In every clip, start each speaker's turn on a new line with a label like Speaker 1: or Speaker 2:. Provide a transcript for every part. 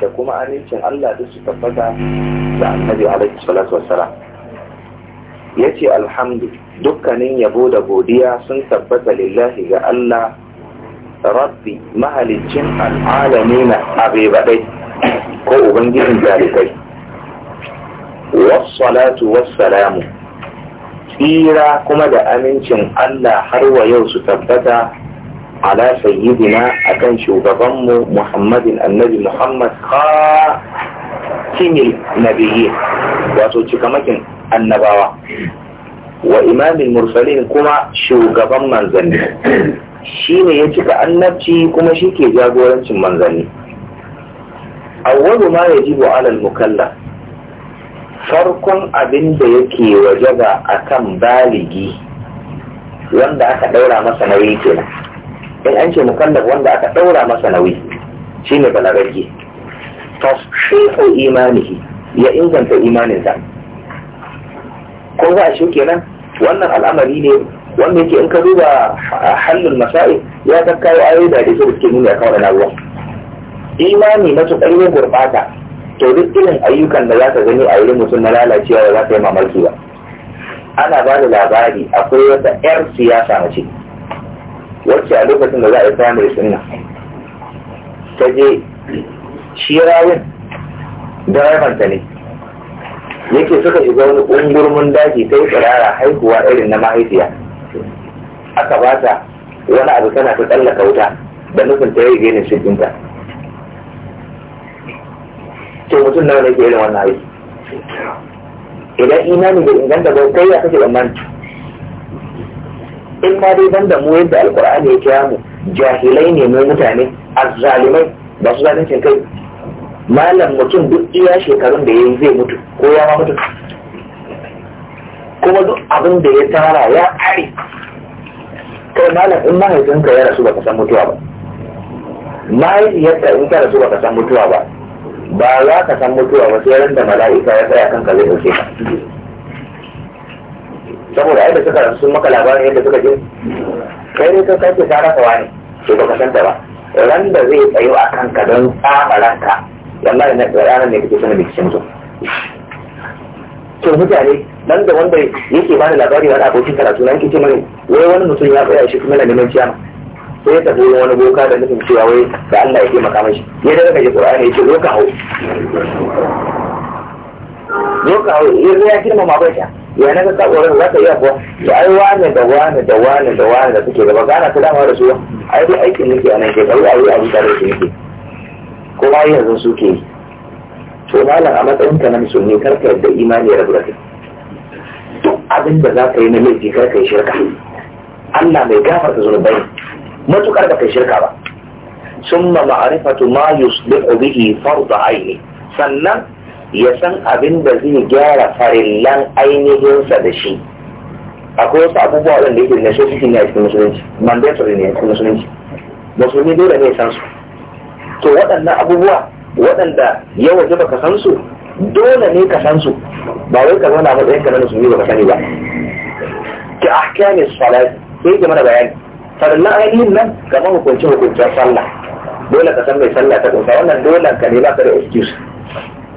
Speaker 1: da kuma amincin Allah duk su tabbata da annabi alaihi salatu wassalam ya ce alhamdu dukkanin yabo da godiya sun tabbata lillahi ga Allah rabbi mahaliccin al'alami na abebaɗai ko ubangijin jalibai wassalatu wassalamu tsira kuma da amincin Allah har wa yau su tabbata على سيدنا أكن شوغبان محمد النبي محمد خاتم النبيين واتو تشكمكن النبوة وإمام المرسلين كما شوغبان منزلي شين يتك النبتي كما شيكي جاغورنش منزلي أول ما يجب على المكلف farkon abin da yake wajaba akan baligi wanda aka daura masa nauyi kenan in an ce mukallaf wanda aka ɗaura masa nauyi shine balagagge tashihu imanihi ya inganta imaninsa ko za a shi kenan wannan al'amari ne wanda yake in ka duba halin masa'i ya ta kawo ayoyi da su suke nuna ya kawar na ruwa imani matuƙar ya gurɓata to duk irin ayyukan da za ka gani a irin mutum na lalacewa ba za ka yi mamaki ba ana ba da labari akwai wata 'yar siyasa mace wacce a lokacin da za a yi primary sunna ta je shi rawin direbanta ne yake suka shiga wani ungurmin daji ta yi tsirara haihuwa irin na mahaifiya aka ba ta wani abu tana ta tsallaka wuta da nufin ta yi genin shiginta to mutum nawa ne ke irin wannan aiki idan imani bai inganta ba kai ya kake tsammani in ma dai ban da mu yadda alkur'ani ya kira mu jahilai ne mu mutane azzalimai ba su zalincin kai malam mutum duk iya shekarun da ya yi zai mutu ko ya ma mutu kuma duk abin da ya tara ya ari kai malam in mahaifinka ya rasu baka san mutuwa ba mahaifiyarka in ka rasu baka san mutuwa ba ba za ka san mutuwa ba sai ran da mala'ika ya tsaya kanka zai ɗauke ka saboda ai da suka sun maka labarin yadda suka je kai ne kai kake ka rasa wani to baka san ta ba ran da zai tsayo a kanka don tsaba yamma da na da ranar ne kake sanar da kishin su to mutane nan da wanda yake ba da labari wani abokin karatu na yake ce mani wai wani mutum ya tsaya shi kuma na neman ciyama sai ya tafi wani boka da nufin cewa wai da Allah ya makamai mashi ya daga kaje Qur'ani ya ce zo ka hau zo ka ya zo ya girmama bai ya na ka wurin za ka iya kuwa ya ai wane da wane da wane da wane da suke gaba gana ta dama da su ai dai aikin nake a nan ke kawai a yi abu tare da nake kuma yanzu suke yi to malam a matsayin ka na musulmi kar ka yadda imani ya rabu duk abin da za ka yi na laifi kar ka yi shirka Allah mai gafarta bai matukar ba kai shirka ba summa ma'rifatu ma yusbihu bihi fardu aini sannan ya san abin da zai gyara farillan ainihinsa da shi akwai wasu abubuwa waɗanda yake na shi ne a cikin musulunci mandatory ne a cikin musulunci musulmi dole ne san su to waɗannan abubuwa waɗanda ya waje baka san su dole ne ka san su ba wai ka zauna matsayin ka na musulmi baka sani ba ki ahkami salat sai ki mana bayani farillan ainihin nan kamar hukunci hukuncin sallah dole ka san mai sallah ta kunsa wannan dole ka ne ba ka da excuse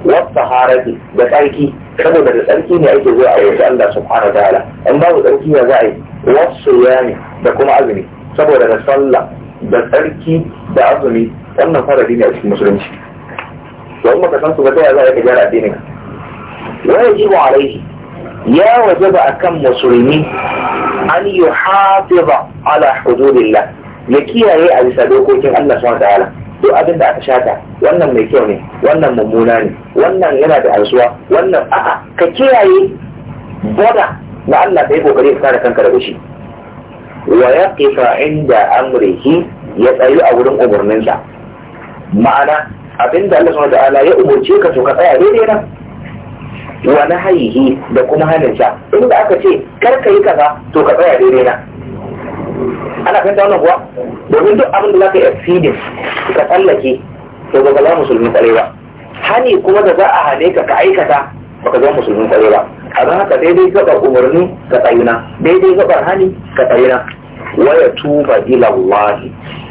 Speaker 1: wata harati da tsarki saboda da tsarki ne ake zuwa a yanzu Allah subhanahu wa ta'ala in babu tsarki ya za a yi wasu yami da kuma azumi saboda da sallah da tsarki da azumi wannan faradi ne a cikin musulunci wa umma ka san su ga ta za a yi gyara addinin wa yajibu alaihi ya a kan musulmi an yuhafiza ala hududillah ya kiyaye a bisa dokokin Allah subhanahu wa ta'ala duk abin da aka shata wannan mai kyau ne wannan mummuna ne wannan yana da arzuwa wannan a'a ka kiyaye boda na Allah ka yi kokari ka kanka da shi wa yaqifa inda amrihi ya tsayu a wurin umarninsa ma'ana abinda Allah subhanahu wa ya umurce ka to ka tsaya daidai nan wa nahyihi da kuma haninsa inda aka ce kar ka yi kaza to ka tsaya daidai nan ana fahimta wannan kuwa domin duk abin da za ka yi exceeding ka tsallake to ba ka zama musulmin kwarai ba hani kuma da za a hane ka ka aikata ba ka zama musulmin kwarai ba a don haka daidai gabar umarni ka tsayuna daidai gabar hani ka tsayuna wa ya tuba ila Allah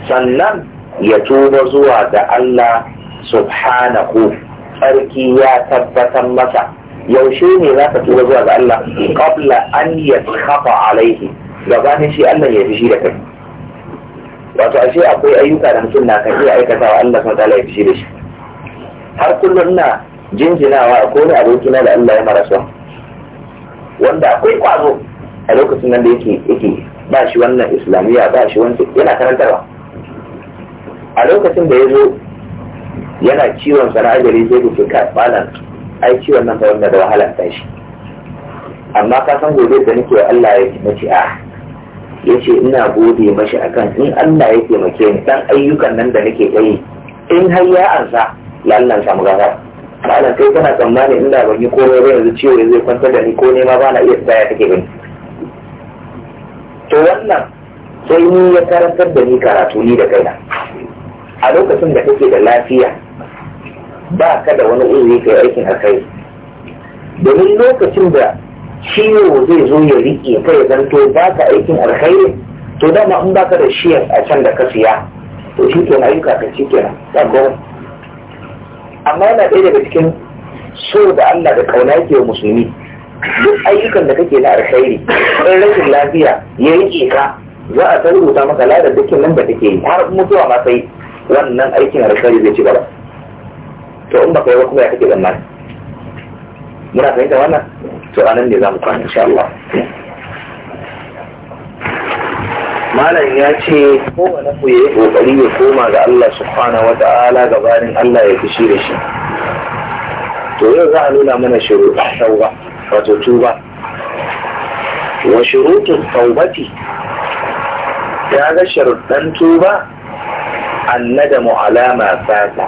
Speaker 1: sannan ya tuba zuwa ga Allah subhanahu tsarki ya tabbatar masa yaushe ne za ka tuba zuwa ga Allah qabla an yaskhafa alaihi gabanin shi Allah ya fishi da kai wato ashe akwai ayyuka da mutum na kan iya aikatawa Allah sun tsala ya fishi da shi har kullum na jinjinawa a kone abokina da Allah ya son wanda akwai kwazo a lokacin nan da yake yake ba shi wannan islamiyya ba shi wancan yana karantarwa a lokacin da ya zo yana ciwon sana'a gari sai da ke karɓalan ai ciwon nan ta wanda da wahalar tashi amma ka san gobe da nake Allah ya ce a ya ce ina gode mashi akan in Allah ya taimake ni dan ayyukan nan da nake yi in har ya ansa lallan samu gaba malam kai kana tsammani inda ban yi komai ba yanzu ciwo zai kwantar da ni ko nema ba na iya tsaya take gani to wannan sai ni ya karantar da ni karatu ni da kaina a lokacin da kake da lafiya ba ka da wani uzuri kai aikin akai domin lokacin da ciwo zai zo ya riƙe ka ya zanto ba ka aikin alkhairi to dama in ba ka da shi a can da ka siya to shi kenan ayyuka ka ci kenan ba gwamnati amma yana ɗaya daga cikin so da Allah da kauna yake wa musulmi duk ayyukan da kake na alkhairi in rashin lafiya ya riƙe ka za a ta rubuta maka ladar dukkan nan da take yi har mutuwa ma sai wannan aikin alkhairi zai ci gaba to in baka yi ba kuma ya kake tsammani muna fahimta wannan to anan ne za mu kwana insha Allah malam ya ce kowane ku yayi kokari ya koma ga Allah subhanahu wa ta'ala gabanin Allah ya fushi da shi to yau za a nuna mana shuruɗa tauba wato tuba wa shuruɗin taubati ya ga sharuɗan tuba annadamu alama fata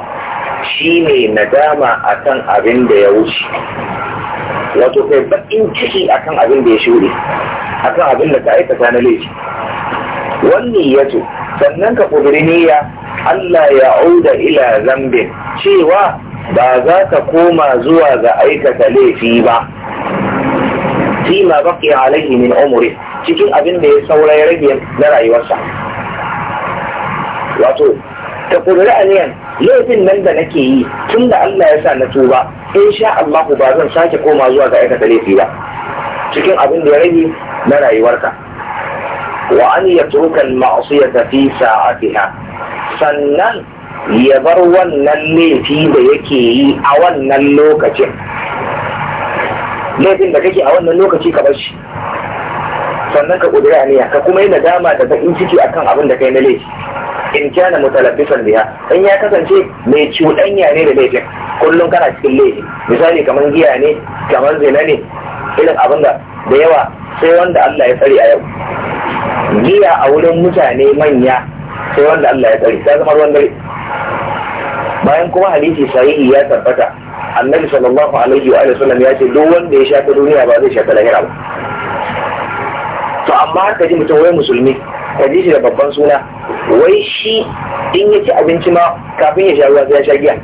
Speaker 1: shi ne nadama akan abin da ya wuce wato kai baƙin ciki akan abin da ya shure akan abin da ka aikata na laifi wannan ya ce sannan ka ƙudiri niyya Allah ya auda ila zambin cewa ba za ka koma zuwa ga aikata laifi ba fima baki alaihi min umri cikin abin da ya saura ya rage na rayuwarsa wato ta ƙudiri aniyan laifin nan da nake yi tun da Allah ya sa na tuba in sha Allah ba zan sake koma zuwa ga aikata laifi ba cikin abin da ya rage na rayuwarka wa an yatruka al-ma'siyata fi sa'atiha sannan ya bar wannan laifi da yake yi a wannan lokacin laifin da kake a wannan lokaci ka bar shi sannan ka kudura niyya ka kuma yi nadama da in ciki akan abin da kai na laifi in kana mutalaffifan biya in ya kasance mai cuɗanya ne da laifin kullum kana cikin laifi misali kamar giya ne kamar zina ne irin abin da da yawa sai wanda Allah ya tsare a yau giya a wurin mutane manya sai wanda Allah ya tsare ta zama ruwan dare bayan kuma hadisi sahihi ya tabbata annabi sallallahu alaihi wa sallam ya ce duk wanda ya shafi duniya ba zai shafi lahira ba to amma haka ji mutum wai musulmi ka ji shi da babban suna wai shi in ya ci abinci ma kafin ya sha ruwa sai ya sha giya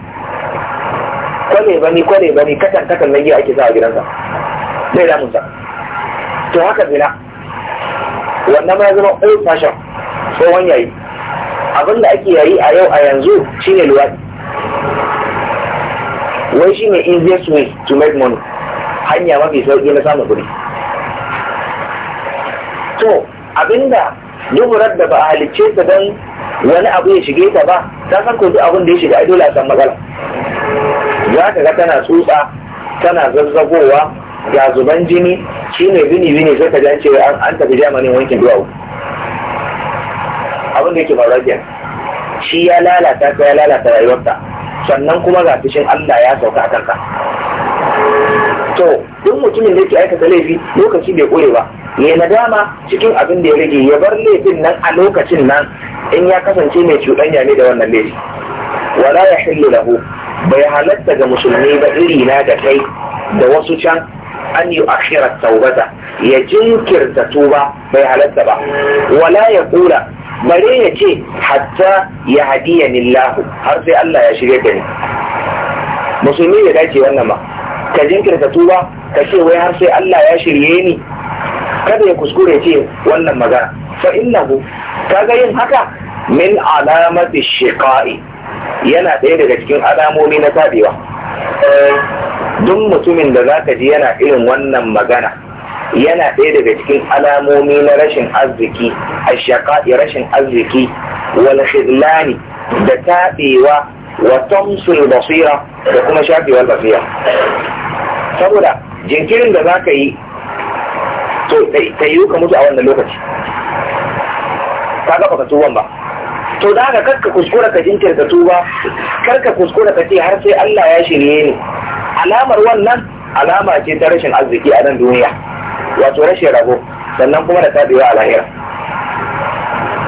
Speaker 1: kwale bane kwale bani, katan katan na giya ake sa a gidansa sai damunsa to haka zina wannan ma ya zama old fashion tsohon yayi abin da ake yayi a yau a yanzu shine luwadi wai shine easiest way to make money hanya mafi sauki na samun kuɗi to abinda duburar da ba halicce ta don wani abu ya shige ta ba ta san ko abin da ya shiga dole a san matsala za ka ga tana tsutsa tana zazzagowa ga zuban jini ne bini bini sai ka jance an an tafi jamanin wankin duwawu abin da yake faruwa shi ya lalata ka ya lalata rayuwarka sannan kuma ga fishin Allah ya sauka a kanka to duk mutumin da yake aikata laifi lokaci bai kure ba ya nadama cikin abin da ya rage ya bar laifin nan a lokacin nan in ya kasance mai cuɗanya ne da wannan laifi wala ya hillu lahu bai halatta ga musulmi ba iri na da kai da wasu can an yi akhirar taubata ya jinkirta tuba bai halatta ba wala ya kula bare ya ce hatta ya hadiya nillahu har sai Allah ya shirya da ni musulmi ya dace wannan ba. ka jinkirta tuba ka ce wai har sai Allah ya shirye ni kada ya kuskure ce wannan magana fa innahu kaga yin haka min alamati shiqa'i yana ɗaya daga cikin alamomi na tabewa eh, duk mutumin da zaka ji yana irin wannan magana yana ɗaya daga cikin alamomi na rashin arziki ashaqa'i rashin arziki wal khidlani da taɓewa wa tamsul basira da kuma shafewar basira saboda jinkirin da za ka yi to ta yi ka mutu a wannan lokaci ka gaba ka tuban ba to da karka kuskura ka jinkirta tuba karka kuskura ka ce har sai Allah ya shirye ni alamar wannan alama ce ta rashin arziki a nan duniya wato rashin rago, sannan kuma da tabiwa a lahira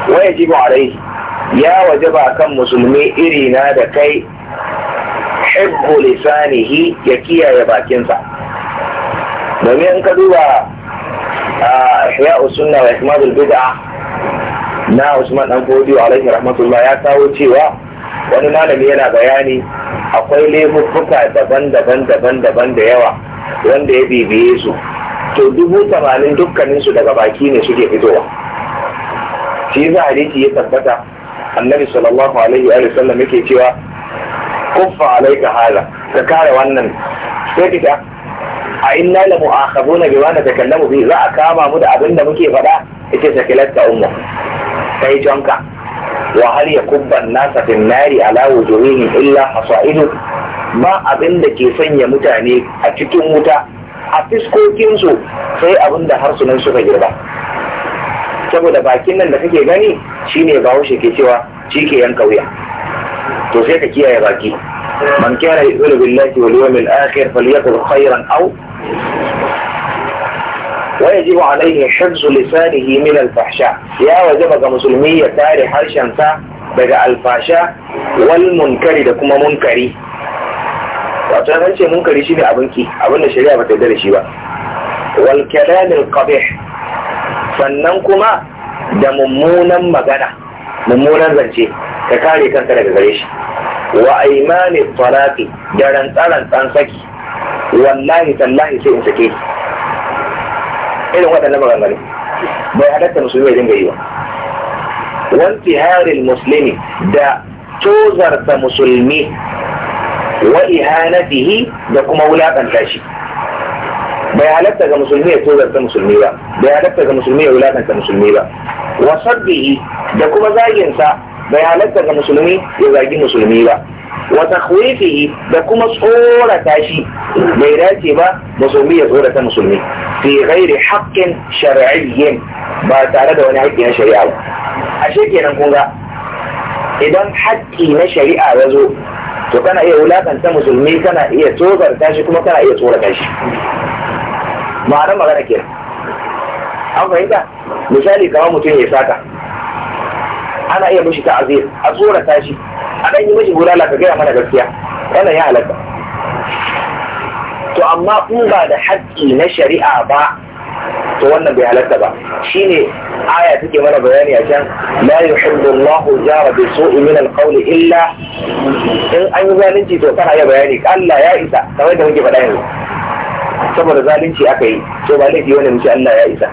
Speaker 1: Waye jibo alaihi ya wajaba kan musulmi irina da kai yuhibbu lisanihi ya kiyaye bakinsa domin in ka duba ya usunna wa bid'a na Usman dan wa alaihi rahmatullah ya kawo cewa wani malami yana bayani akwai laifuka daban-daban daban-daban da yawa wanda ya bibiye su to dubu tamanin dukkaninsu daga baki ne suke fitowa shi za a ya tabbata annabi sallallahu alaihi wa sallam yake cewa kuffa alaika hada ka kare wannan sai a inna la mu'akhaduna wanda takallamu bi za a kama mu da abin da muke faɗa yace sakilatta umma? kai jonka wa hal yakubba an-nasa fi an-nari ala wujuhihim illa hasaidu ba abin da ke sanya mutane a cikin wuta a fiskokinsu sai abin da harsunan suka girba saboda bakin nan da kake gani shine bahaushe ke cewa shi ke yanka wuya توفيق كي يا باكي من كان يؤمن بالله واليوم الآخر فليقل خيرا أو ويجب عليه حفظ لسانه من الفحشاء يا وجبة مسلمية تاري حرشا فا بقى الفحشاء والمنكر لكم منكري وأتنا فنسي منكري شيني أبنكي أبن الشريعة بتدري شيبا والكلام القبيح فننكما دممونا مغنى mummunan zance ka kare kanka daga gare shi wa aimani talaqi da rantsaran tsan saki wallahi tallahi sai in sake irin waɗannan maganganu bai halatta musulmi ya dinga yi ba wanti Harin Musulmi da tozarta musulmi wa ihanatihi da kuma wulaƙanta shi بيعلبتا كمسلمية تولا انت مسلمية با بيعلبتا كمسلمية ولا انت مسلمية با وصدقه دا كما زاجنسا بيعلبتا يزاجي مسلمية وتخويفه دا كما تاشي بيراتي با مسلمية صورة مسلمية في غير حق شرعي با تعرض وانا حقنا شريعة أشيكي نقول إذا حقي ما شريعة وزو تو إيه ولا كان تمسلمي كان إيه توغر تاشي كما كان إيه صورة تاشي ma'anar magana ke an fahimta misali kamar mutum ya sata ana iya mishi azir a tsora shi a ɗan yi mishi bulala ka gaya mana gaskiya wannan ya halatta to amma in ba da haƙƙi na shari'a ba to wannan bai halatta ba shine aya take mana bayani a can la yuhibbu Allahu jara bi su'i min al-qawl illa in an yi zalunci to kana ya bayani Allah ya isa kamar da muke faɗa yanzu saboda zalunci aka yi to ba laifi wani mace Allah ya isa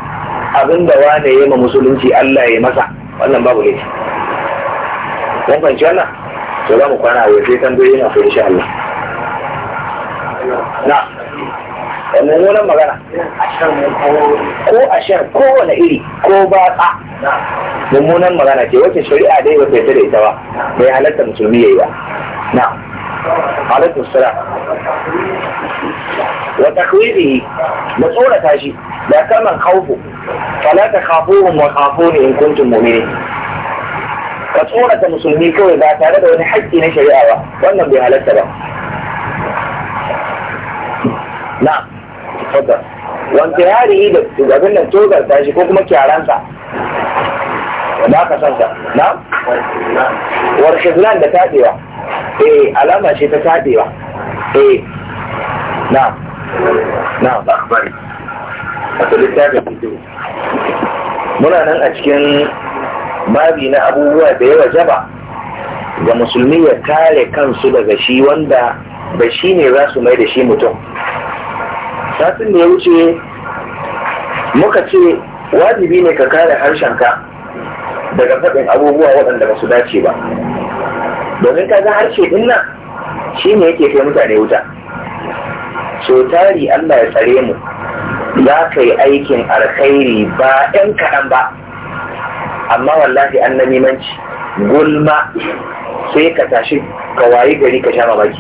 Speaker 1: abin da wane ya ma musulunci Allah ya masa wannan babu laifi Kun fahimci wannan to za mu kwana a sai tambayoyi na fa insha Allah na eh, mummunan magana ko a ko wani iri ko batsa mummunan magana ce wacce shari'a dai ba ta da ita ba bai halatta musulmi yayi ba na عليكم السلام وتخويفه مسؤولة هاشي لا تمن خوفه فلا تخافوهم وخافوني إن كنتم مؤمنين مسؤولة مسلمين كوي لا تعرف أن حجي نشري أوا وأن بها لسبا نعم تفضل وانتهار إيدك إذا قلنا توقر تاشي كوكما كيارانسا وداك سنسا نعم ورخزلان دكاتي واحد eh alama ce ta tabewa eh na na akbari wato littafin fito muna nan a cikin babi na abubuwa da yawa jaba ga musulmi ya kare kansu daga shi wanda ba shi ne za su mai da shi mutum satin da ya wuce muka ce wajibi ne ka kare harshenka daga faɗin abubuwa waɗanda ba su dace ba domin ka ga harshe din nan shi ne yake kai mutane wuta so Allah ya tsare mu za ka yi aikin alkhairi ba ɗan kaɗan ba amma wallahi an na nimanci gulma sai ka tashi ka wayi gari ka sha mamaki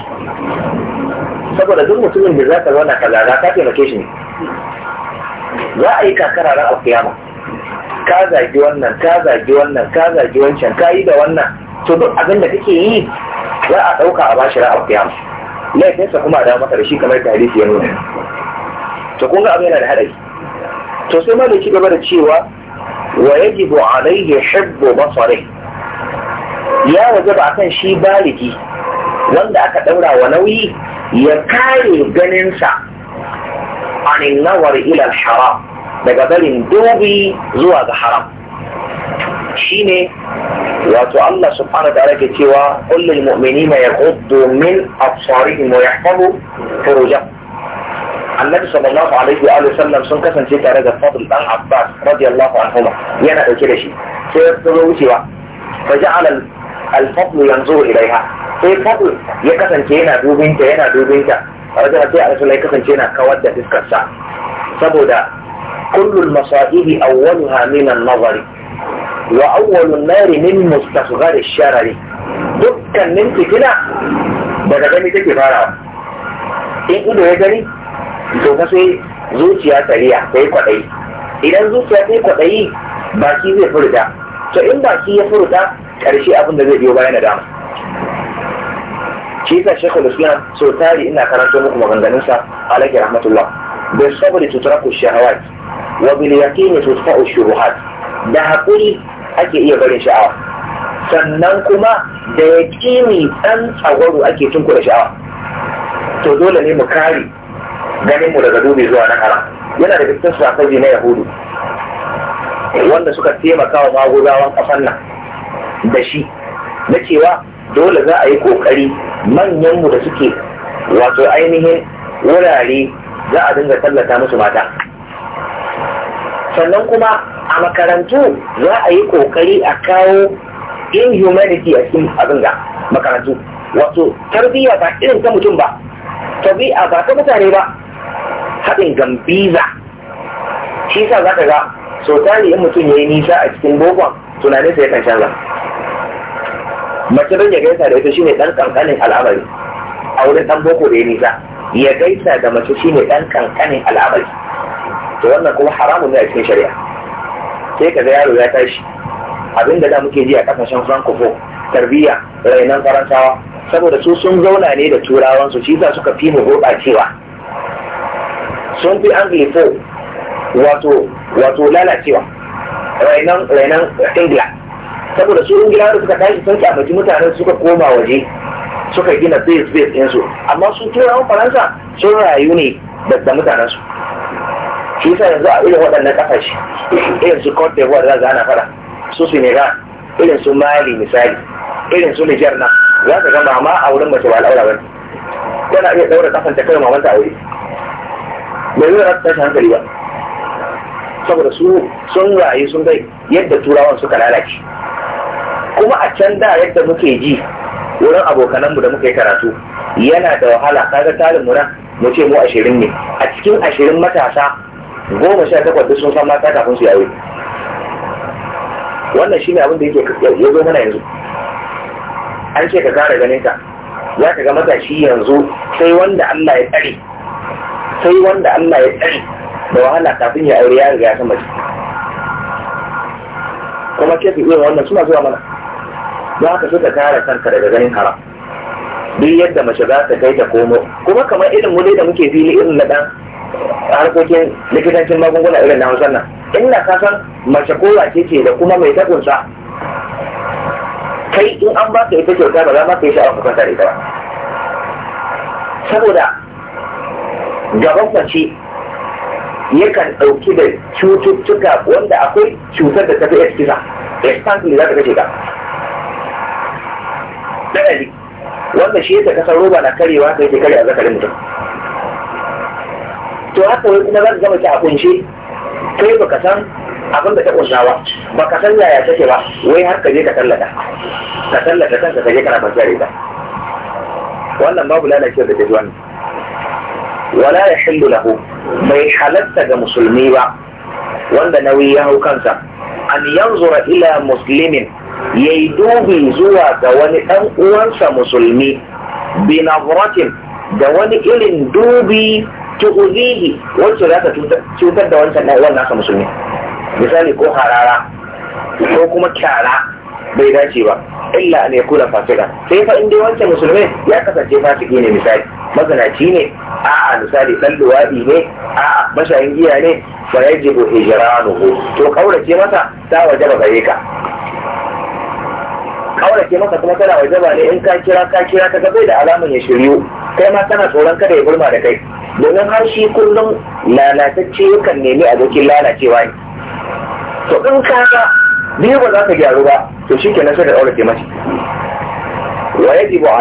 Speaker 1: saboda duk mutumin da za ka zauna ka zaga ka taimake shi ne za a yi kakara ran alkiyama ka zagi wannan ka zagi wannan ka zagi wancan ka yi da wannan to duk abin da kake yi za a ɗauka a bashi ra'a kiyama laifinsa kuma da maka da shi kamar da hadisi ya nuna to kun ga abin yana da haɗari to sai malai ci gaba da cewa wa yajibu alayhi hibbu basari ya wajaba akan shi baliki wanda aka daura wa nauyi ya kare ganinsa anin nawar ila haram daga barin dubi zuwa ga haram shine wato Allah subhanahu wa ta'ala ke cewa kullul mu'minina yaghuddu min absarihim wa yahfazu furujahum annabi sallallahu alaihi wa sallam sun kasance tare da fadl dan abbas radiyallahu anhuma yana dauke da shi sai ya zo wucewa fa ja'ala al-fadl yanzuru ilaiha sai fadl ya kasance yana dubin ta yana dubin ta rajul sai a ya kasance yana kawar da fiskar saboda kullul masaibi awwaluha min an-nazari واول النار من مستخغر الشارع دي دكان نمت كده بدا جامي تكي فارا ايه قولوا ايه جاني زو نسوي زو تيا تريا تيه قطعي ايران زو تيا تيه قطعي باكي زي فردا سو ان باكي فردا كارشي افن دزي ديو باينا دام كيف الشيخ الاسلام سلطاني انا كرانتو مكم وغنزانيسا عليك رحمة الله بالصبر تترك الشهوات وباليقين تدفع الشبهات ده هقولي ake iya barin sha'awa sannan kuma da ya ƙini ɗan tsagwaro ake tunku da sha'awa to dole ne mu kare ganin mu daga dubi zuwa na haram yana da cikin safaji na yahudu wanda suka taimaka wa maguzawan kafan nan da shi na cewa dole za a yi ƙoƙari manyanmu da suke wato ainihin wurare za a dinga tallata musu mata sannan kuma a makarantu za a yi kokari a kawo inhumanity a cikin abin da makarantu wato tarbiyya ba irin ta mutum ba tarbiyya ba ta mutane ba haɗin gambiza shi sa za ka ga so tari in mutum ya yi nisa a cikin bokon tunanin ya kan canza mace don ya gaisa da ita shine dan kankanin al'amari a wurin dan boko da ya nisa ya gaisa da mace shine dan kankanin al'amari to wannan kuma haramun ne a cikin shari'a sai ka yaro ya tashi abin da da muke ji a kasashen Francofo, tarbiyya rainan faransawa saboda su sun zauna ne da turawan su sa suka fi mu gurɓacewa sun fi anglifo wato wato lalacewa rainan rainan ingila saboda su ingila da suka tashi sun kyamaci mutanen suka koma waje suka gina base base ɗinsu amma su turawan faransa sun rayu ne da mutanensu shi yasa yanzu a irin waɗannan ƙasashe irin su Cote d'Ivoire za ga ana fara su Senegal irin su Mali misali irin su Niger na za ka ga mama a wurin mace ba al'aura ba tana iya daura ta kai mamanta aure bai zai rasu tashi hankali ba saboda su sun rayu sun kai yadda turawan suka lalace kuma a can da yadda muke ji wurin abokananmu da muka yi karatu yana da wahala kaga talin mu na, mu ce mu ashirin ne a cikin ashirin matasa goma sha takwas duk sun san mata kafin su yawo wannan shine abin da yake ya zo mana yanzu an ce ka kare ganin ka za ka ga matashi yanzu sai wanda Allah ya tsare sai wanda Allah ya tsare da wahala kafin ya aure ya riga ya san mace kuma ke fi iya wannan suna zuwa mana za ka suka kare kanka daga ganin haram duk yadda mace za ta kai ta komo kuma kamar irin wani da muke fili irin na dan harkokin likitancin magunguna irin na hausar nan illa ka san mace kowa ce ce da kuma mai takunsa kai in an ba ka ita kyauta ba za ma ka yi sha'awar kwanta da ita ba saboda gaban kwanci yakan ɗauki da cututtuka wanda akwai cutar da ta fi eskisa ne za ta kashe ka ɗanali wanda shi yasa kasar roba na karewa ka yi kare a zakarin mutum to haka wai kuma zaka ka gama ta a kunshe kai baka san abin da ta kunsa ba baka san yaya take ba wai har ka je ka tallata ka tallata kanka ka je kana kwanciya da ba. wannan babu lalacewar da ta ji wannan wala ya hillu lahu bai halatta ga musulmi ba wanda nauyi ya hau kansa an yanzura ila muslimin ya yi dubi zuwa ga wani ɗan uwansa musulmi binazratin da wani irin dubi tu'uzihi wacce za ta cutar da wancan ɗan'uwan nasa musulmi misali ko harara ko kuma kyara bai dace ba illa an kula fasika sai fa inda wancan musulmi ya kasance fasiki ne misali mazanaci ne a'a misali ɗan luwadi ne a'a mashayin giya ne fa yajibu hijranuhu to kaurace masa ta ba gare ka kawai ke maka kuma tana ba ne in ka kira ka kira ka bai da alamun ya shiryu kai ma tana tsoron kada ya gurma da kai domin har shi kullum lalatacce yakan nemi abokin lalacewa ne to in ka ga biyu ba za ka gyaru ba to shi ke nasu da ɗaura ke mace wa ji ba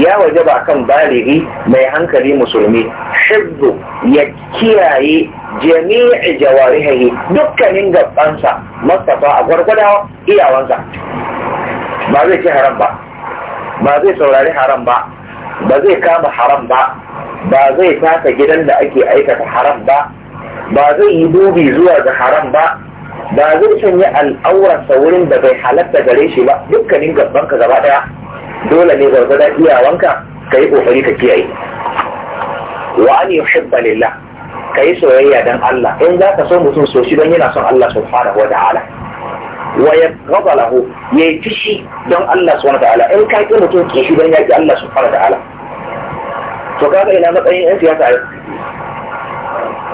Speaker 1: ya wajaba kan baligi mai hankali musulmi hibbu ya kiyaye jami'i jawarihi dukkanin gabansa mastafa a gwargwada iyawansa ba zai ci haram ba ba zai saurari haram ba ba zai kama haram ba ba zai taka gidan da ake aikata haram ba ba zai yi dubi zuwa ga haram ba ba zai sanya al'aurarsa wurin da bai halatta gare shi ba dukkanin gabanka gaba daya dole ne iya iyawanka ka yi kokari ka kiyaye wa an yuhibba lillah ka yi soyayya dan Allah in za ka so mutum so shi don yana son Allah subhanahu wa ta'ala wa ya gaba lahu ya yi fishi don Allah wani ta'ala in ka ƙi mutum ke shi don ya ƙi Allah wani ta'ala to kaga ina matsayin yan siyasa yau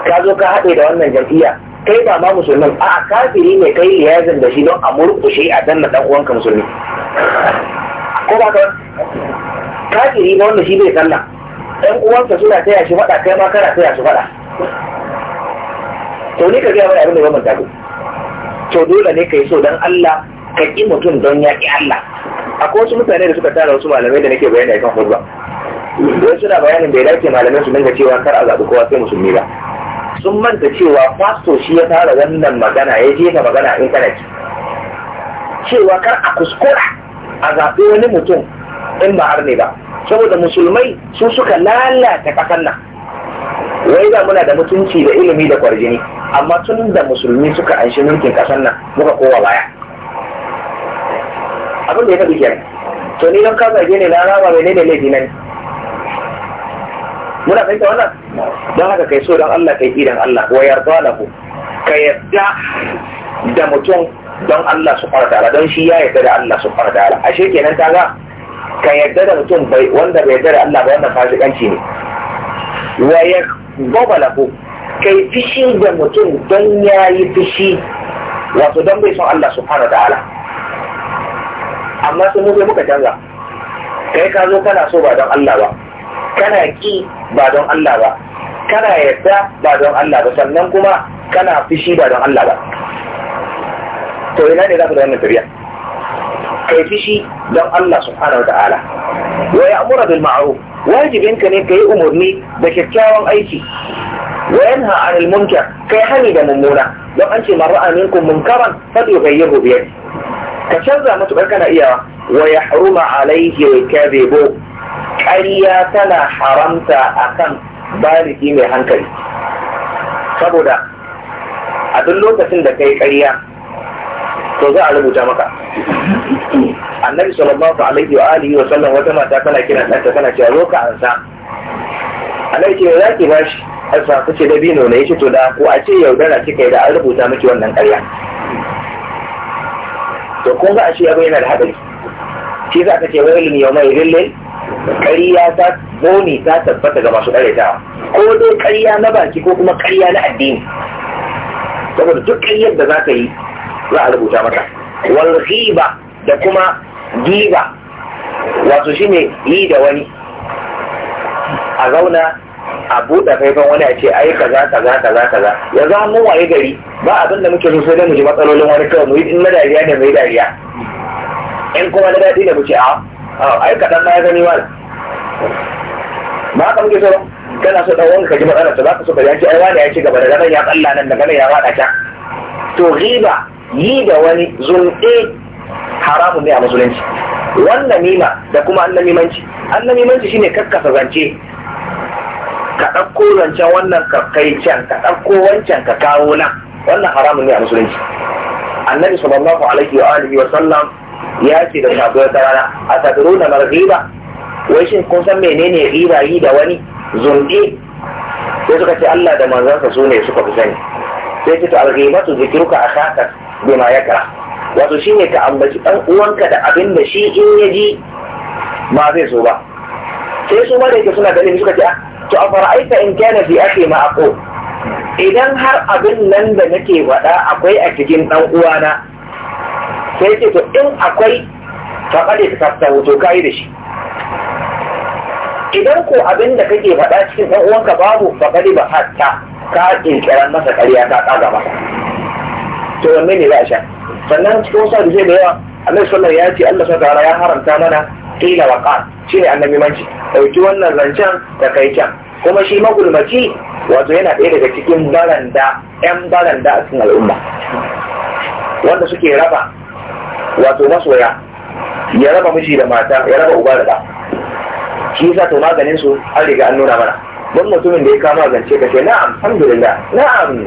Speaker 1: ka zo ka haɗe da wannan jam'iyya kai ba ma musulmin a kafiri ne kai liyazin da shi don a murƙushe a danna ɗan uwanka musulmi ko ba ka kafiri ne wanda shi bai sallah ɗan uwanka suna taya shi faɗa kai ma kana taya shi faɗa to ni ka gaya mai abin da ya manta ku to dole ne ka yi so don Allah ka ƙi mutum don ya ƙi Allah akwai wasu mutane da suka tara wasu malamai da nake bayani kan hudba don suna bayanin bai dace malamai su dinga cewa kar a zaɓi kowa sai musulmi ba sun manta cewa fasto shi ya fara wannan magana ya jefa magana a intanet cewa kar a kuskura a zaɓi wani mutum in ba har ne ba saboda musulmai su suka lalata ƙasar nan wai da muna da mutunci da ilimi da kwarjini amma tun da musulmi suka anshi mulkin kasan nan muka kowa baya abin da ya faɗi kenan to ni don ka zarge ne na rama mai ne da laifi nan muna fahimta wannan don haka kai so don Allah kai idan Allah wa yarda lahu ka yarda da mutum don Allah subhanahu ta'ala don shi ya yarda da Allah subhanahu ta'ala ashe kenan ta ga ka yarda da mutum wanda bai yarda da Allah ba wannan fasikanci ne wa gabalahu kai fishi da mutum don ya yi fishi wato don bai son Allah subhanahu ta'ala amma sai mu muka canza kai ka zo kana so ba don Allah ba kana ki ba don Allah ba kana yadda ba don Allah ba sannan kuma kana fishi ba don Allah ba to ina ne za ku da wannan tafiya kai fishi don Allah subhanahu wa ta'ala wa ya'muru bil ma'ruf wajibinka ne ka yi umarni da kyakkyawan aiki wa yanha anil munkar kai hani da mummuna don an ce man ra'a minkum munkaran falyughayyirhu bi yadihi ka canza matukar kana iya. wa yahruma alayhi kadhibu ƙarya tana haramta akan baliki mai hankali saboda a duk lokacin da kai ƙarya to za a rubuta maka annabi sallallahu alaihi wa alihi wa sallam wata mata tana kiran ɗanta tana cewa zo ka ansa Allah ce za ki bashi asa ta ce dabino ne yace to da ko a ce yaudara kika yi da an rubuta miki wannan ƙarya to kun ga ashe abin yana da haɗari shi za ka ce wailin yau mai rillin ƙarya ta boni ta tabbata ga masu ƙaryatawa ko dai ƙarya na baki ko kuma ƙarya na addini saboda duk ƙaryar da za ka yi za a rubuta maka wal ghiba da kuma giba wato ne yi da wani a zauna a buɗe faifan wani a ce ai kaza kaza kaza kaza Ya za mun waye gari ba abin da muke so sai dai mu ji matsalolin wani kawai mu yi in na dariya ne mu yi dariya in kuma na daɗi ne mu ce a ai kaɗan na ya gani wani ba ka muke so kana so ɗan wani ka ji matsalarsa za ka so ka ya an ce ai wani ya ci gaba da ganin ya tsalla nan da ganin ya waɗa ta to riba yi da wani zunɗe haramun ne a musulunci wannan nima da kuma annamimanci annamimanci shine kakkasa zance ka ɗauko zancen wannan ka kai can ka ɗauko wancan ka kawo nan wannan haramun ne a musulunci annabi sallallahu alaihi wa alihi wa sallam ya ce da sabuwar wata rana a na marghiba wai shin kun san menene riba yi da wani zunɗe sai suka ce Allah da manzansa su ne suka fi sani sai ce to alghibatu zikruka akhaka bima yakra wato shi ne ka ambaci ɗan uwanka da abin da shi in ya ji ba zai so ba sai su ma da yake suna ganin suka ce ah, to a aika in kyana fi ake ma ako idan har abin nan da nake faɗa akwai a cikin ɗan uwana sai ce to in akwai ɓade ta kafta wato kayi da shi idan ko abin da kake faɗa cikin ɗan uwanka babu faɗaɗe ba hatta ka ƙirƙiran masa ƙarya ka ƙaga masa to wanne ne za a sha sannan cikin wasu hadisai da yawa annabi Sallar ya ce Allah sa ya haramta mana kila wa shi shine annabi manci ɗauki wannan zancen da kai can kuma shi magulmaci wato yana ɗaya daga cikin baranda yan baranda a cikin al'umma wanda suke raba wato masoya ya raba miji da mata ya raba uba da ɗa shi yasa to maganin su an riga an nuna mana don mutumin da ya kama zance ka ce na'am alhamdulillah na'am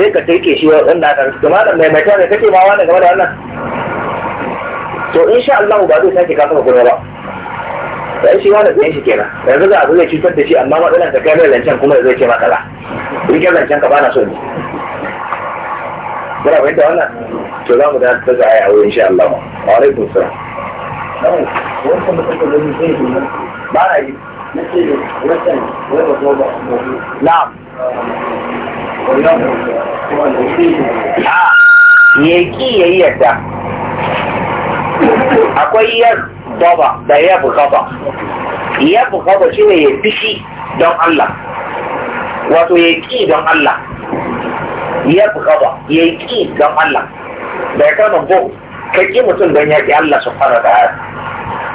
Speaker 1: sai ka taike shi da aka rasu malam mai mai tare kake ma wani game da wannan to insha Allah ba zai sake kasa kuma ba sai shi wani zai shi kenan yanzu ga abu zai cutar da shi amma matsalar da kai mai lancan kuma zai ce maka la rike lancan ka bana so ne muna fahimta wannan to za mu da ta ga aya insha Allah wa alaikum salam ba na yi na'am Ah, ya ki ya yi yadda akwai yar gaba da ya gaba ya gaba shi ne ya fishi don Allah wato ya ki don Allah ya gaba ya ki don Allah da ya kama bo ka ki mutum don ya ki Allah su fara da har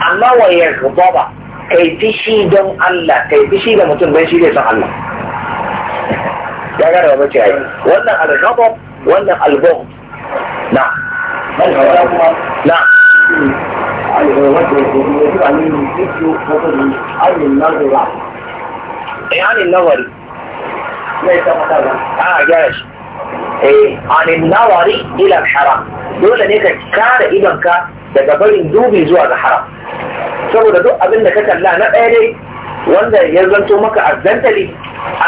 Speaker 1: amma wa ya gaba kai fishi don Allah kai fishi da mutum don shi ne son Allah ya gane ba mace yayi wannan al-ghadab wannan al-bughd na na يعني النظري اه جاش eh anin nawari ila haram dole ne ka kare idonka daga barin dubi zuwa ga haram saboda duk abin da ka kalla na ɗaya dai wanda ya zanto maka azzantali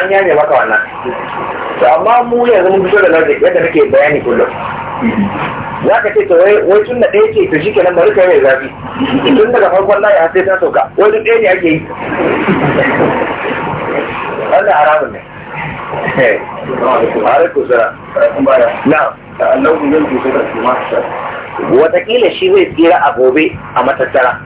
Speaker 1: an yane maka wannan to amma mu yanzu mun fito da nazi yadda nake bayani kullum za ka ce to wai tun da ɗaya ce to shi kenan bari ka yi zafi tun daga farkon layi har sai ta sauka wai duk ɗaya ne ake yi wannan haramun ne wataƙila shi zai tsira a gobe a matattara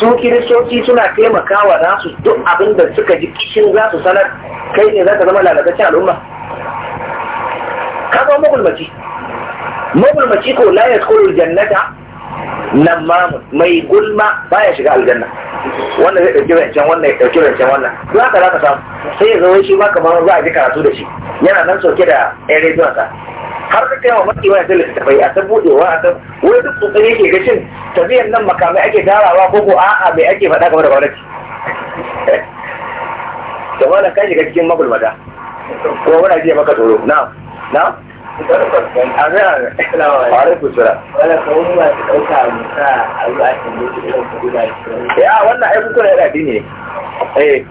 Speaker 1: su kiristoci suna taimakawa za su duk abin da suka ji kishin za su sanar kai ne za ka zama lalatacin al'umma kaga magulmaci magulmaci ko layar yadkhulul jannata mamu mai gulma baya shiga aljanna wannan zai ɗauki rancen wannan ya ɗauki rancen wannan za ka za ka samu sai ya zo shi ba kamar za a ji karatu da shi yana nan sauke da ƴan rediyonsa har da kaiwa wa ya da littafai a ta budewa a ta wai duk tsotsi yake ga shin tafiyan nan makamai ake darawa ko ko a'a mai ake faɗa game da gwamnati da wala ka shiga cikin magulmata ko wani ajiye maka tsoro na na ya wannan aikukunan ya dini ne eh.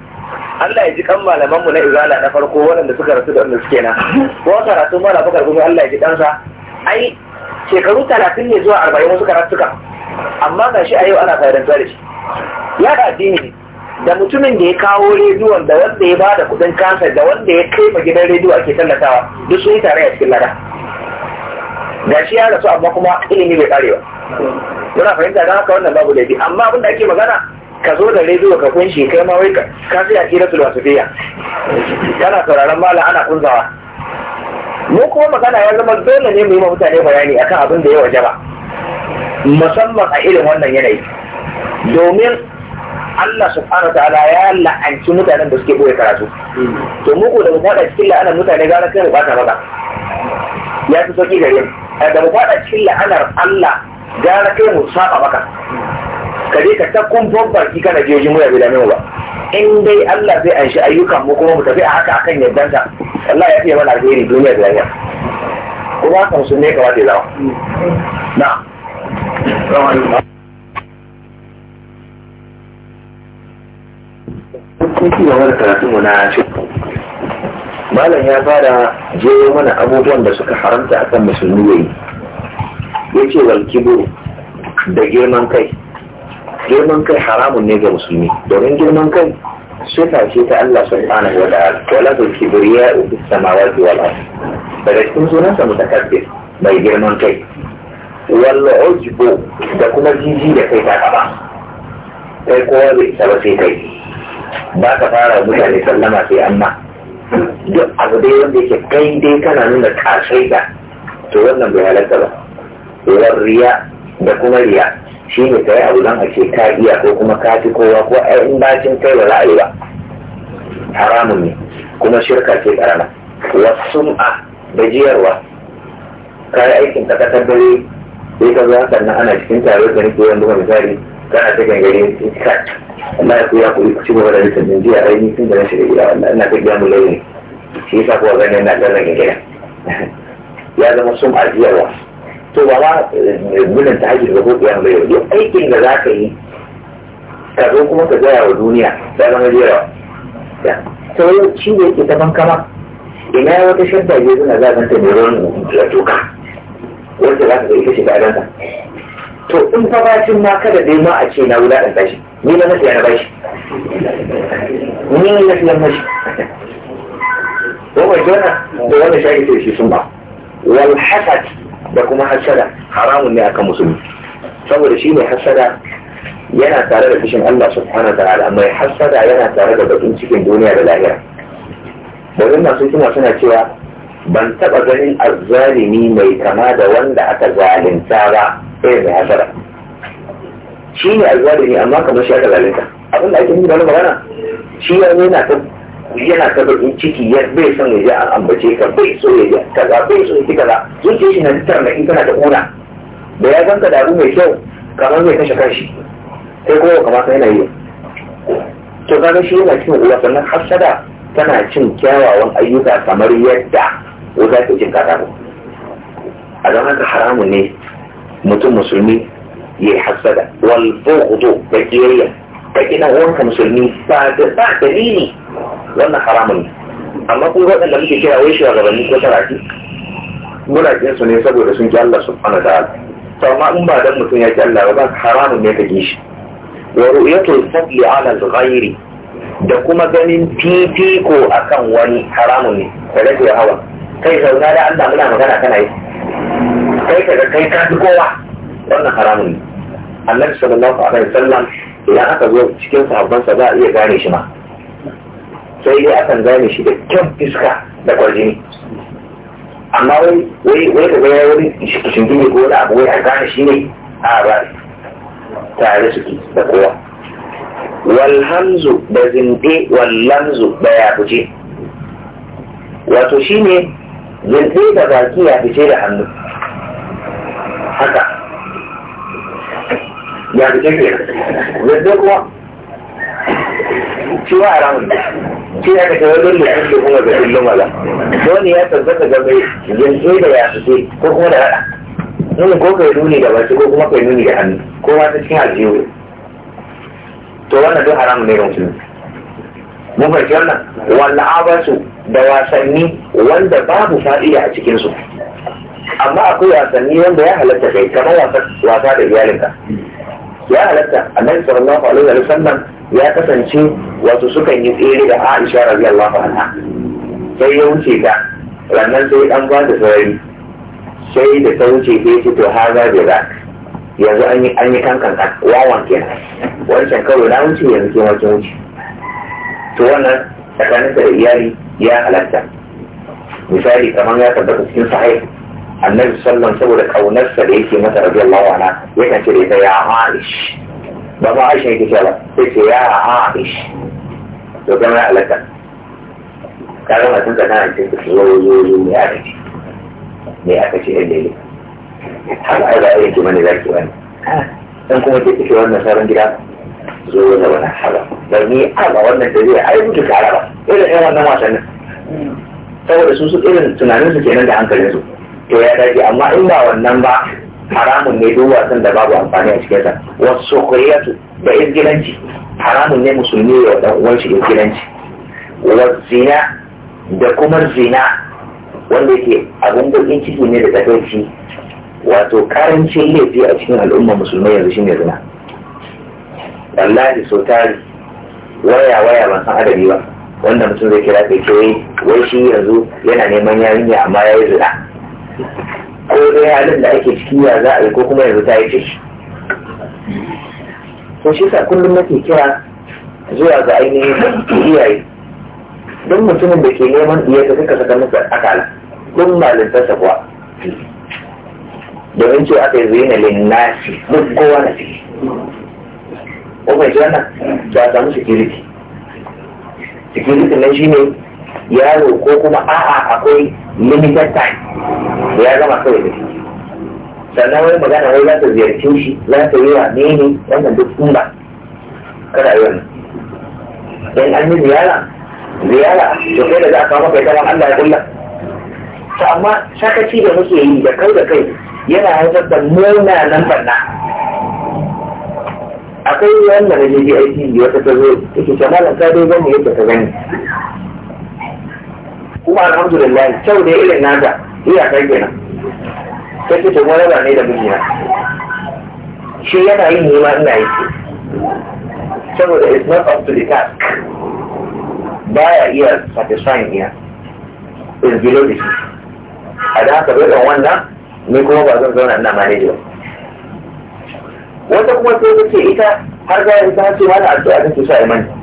Speaker 1: Allah ya ji kan malamanmu na izala na farko waɗanda suka rasu da wanda suke na ko karatu mala bakar gumi Allah ya ji sa ai shekaru talatin ne zuwa arba'in wasu ka amma ga shi a yau ana fa'idantuwa da shi ya da addini da mutumin da ya kawo rediyon da wanda ya bada kudin kansa da wanda ya kai ma gidan rediyo ake tallatawa duk sun yi tare a cikin lada ga shi ya rasu amma kuma ilimi bai karewa muna fahimta don haka wannan babu laifi amma abin da ake magana ka zo da rediyo ka kunshi kai ma wai ka sai akira su wasu biya kana sauraron mala ana kunzawa mu kuma magana ya zama dole ne mu yi mutane bayani akan abin da ya waje ba musamman a irin wannan yanayi domin Allah subhanahu wa ta'ala ya la'anci mutanen da suke boye karatu to mu da mu fada cikin la'anar mutane gara kai rubata bata maka ya fi sauki gare mu da mu fada cikin la'anar Allah gara kai mu saba maka ka je ka ta kumfan ki kana jiyoyin muna bai damu ba in dai Allah zai anshi ayyukan mu kuma mu tafi a haka akan yaddanta Allah ya fiye mana alheri duniya da lafiya kuma haka musulmi ne kamata ya zama na na malam ya fara jiyo mana abubuwan da suka haramta akan musulmi yayi ya ce wal da girman kai girman kai haramun ne ga musulmi domin girman kai sifa ce ta Allah subhanahu wa ta'ala wala bil kibriya fi samawati wal ard daga cikin sunansa mutakabbir mai girman kai wal ujbu da kuma jiji da kai ta kaba kai kowa bai isa ba sai kai ba ka fara mutane sallama sai amma duk abu dai wanda yake kai dai kana nuna kasai da to wannan bai halatta ba wal riya da kuma riya shi ne yi abu nan a ce ka iya ko kuma ka fi kowa ko ai in bacin kai da ra'ayi ba haramun ne kuma shirka ce karama wasu a da jiyarwa kayi aikin ka kasar dare sai ka zo sannan ana cikin tare da nake yanzu ba misali kana ta gangare in kat Allah ya koya ku ci gaba da rikin din jiya ai ni tun da na shiga gida wanda ina ta gida mu lalle shi yasa ko ganin na ganin gida ya zama sun ajiyarwa to ba ma eh, gudun ta hajji daga hukuyan bai yau aikin da za ka yi ka zo kuma ka gaya wa duniya ta zama jera ta yau shi da yake ta bankama ina wata shadda je suna zaɓen mai ruwan da toka wanda za ka ga ita shi ta adanta to in fa bashin ma kada dai ma a ce na ɗan bashi ni na nasiya na bashi ni na nasiya bashi wani wajen da wanda shaƙi shi sun ba wal hasad da kuma hasada haramun ne akan musulmi saboda shi mai hasada yana tare da kishin Allah subhanahu wa ta'ala mai hasada yana tare da bakin cikin duniya da lahira bazin masu suna suna cewa ban taba ganin azzalimi mai kama da wanda aka zalunta ba irin mai hasada shi ne azzalimi amma kamar shi aka zalunta abin da ake nuna magana shi yana ta yana ta bakin ciki ya bai son ya an ambace ka bai so ya ji kaza bai so ya kaza zuciya shi na tar na in kana da ƙuna da ya ganka da abu mai kyau kamar zai kashe kanshi sai kuma kamata yana yi to kaga shi yana cin ruwa sannan hasada tana cin kyawawan ayyuka kamar yadda wuta ke cin ko a haka haramun ne mutum musulmi ya yi hasada wal bughdu da kiyayya kake wanka musulmi ba da dalili wannan haramun ne. amma kuma waɗanda muke kira wai shugabanni ko saraki Muna su ne saboda sun ji Allah subhanahu wa ta'ala to amma in ba dan mutum ya ji Allah ba haramun ne ka shi wa ru'yatul fadli 'ala al-ghayri da kuma ganin fifiko akan wani haramun ne ka rage hawa kai zauna da Allah muna magana kana yi kai ka ga kai ka fi kowa wannan haramun ne annabi sallallahu alaihi wasallam idan aka zo cikin sahabbansa za a iya gane shi ma sai dai akan gane shi da kyan iska da kwarjini amma wai wai wai ka gaya wani shikishin gini ko wani abu wai a gane shi ne a ba tare suke da kowa walhamzu da zinde wallamzu da ya fice wato shi ne zinde da baki ya fice da hannu haka ya fice ke zinde kuma Ci ma haramun shi ya ka tawar dole sun ke kuma ga kullum wala dole ya tabbata ga mai yanzu da ya fice ko kuma da rada nuna ko kai nuni da baki ko kuma kai nuni da hannu ko ma ta cikin aljihu to wannan duk haramun ne ga musulmi mun fahimci wannan walla abasu da wasanni wanda babu fa'ida a cikinsu amma akwai wasanni wanda ya halatta kai kamar wasa da iyalinka ya halatta annabi sallallahu alaihi wa sallam ya kasance wato sukan yi tsere da Aisha radiyallahu anha sai ya wuce ta rannan sai dan ba da sarari sai da ta wuce sai ce to haza bi rak yanzu an yi an yi kankan wawan kenan wancan kawai na wuce yanzu ke wancan wuce to wannan tsakanin da iyali ya halatta misali kamar ya tabbata cikin sahih annabi sallan saboda kaunarsa da yake masa radiyallahu anha yakan ce da ta ya Aisha ba ma aisha yake cewa sai ce ya aisha to gama alaka kare masu tsakanin cikin su yoyoyi ne aka ce ne aka ce yan lele haka ai ba a yanke mana zaki wani dan kuma ke kike wannan sabon gida zo wani wani haka da ni a ba wannan da zai ai mutu kara ba irin yan wannan wasannin saboda su su irin tunaninsu kenan da hankalinsu to ya dace amma in ba wannan ba haramun ne duk wasan da babu amfani a cikinsa wasu kuriyatu da izgilanci haramun ne musulmi ya dan uwan shi izgilanci zina da kuma zina wanda ke abin bakin ciki ne da takaici wato karancin laifi a cikin al'ummar musulmai yanzu shi ne zina wallahi so tari waya waya ban san adadi ba wanda mutum zai kira kai ce wai shi yanzu yana neman yarinya amma ya yi zina ko dai halin da ake ciki ya za a yi ko kuma yanzu ta yi ce shi ko shi sa kullum nake kira zuwa ga ainihin iyaye don mutumin da ke neman iyaka suka saka masa akala don malintarsa kuwa domin ce aka yi zuwa na linnasi duk kowa na ciki ko mai jana ba samu security security nan shine yaro ko kuma a'a akwai limited time ya zama kawai da shi sannan wani magana wai za ta ziyarci shi za ta yi wa ne wannan duk kuma, kada yi wani in an yi ziyara ziyara to kai da za a kawo maka ita Allah ya kulla to amma sakaci da muke yi da kai da kai yana haifar da nan banna akwai wannan da je aiki wata ta zo take ta malam ka dai yi yadda ta gani kuma alhamdulillah kyau da irin nata, iya kai kenan sai ce ba ne da mijina shi yana yin nema ina yi saboda it's not up to the task baya iya satisfying iya is below the sea a da haka bai ɗan wannan ni kuma ba zan zauna ina manage ba wata kuma sai ta ce ita har za ita ce mana addu'a take sa a mani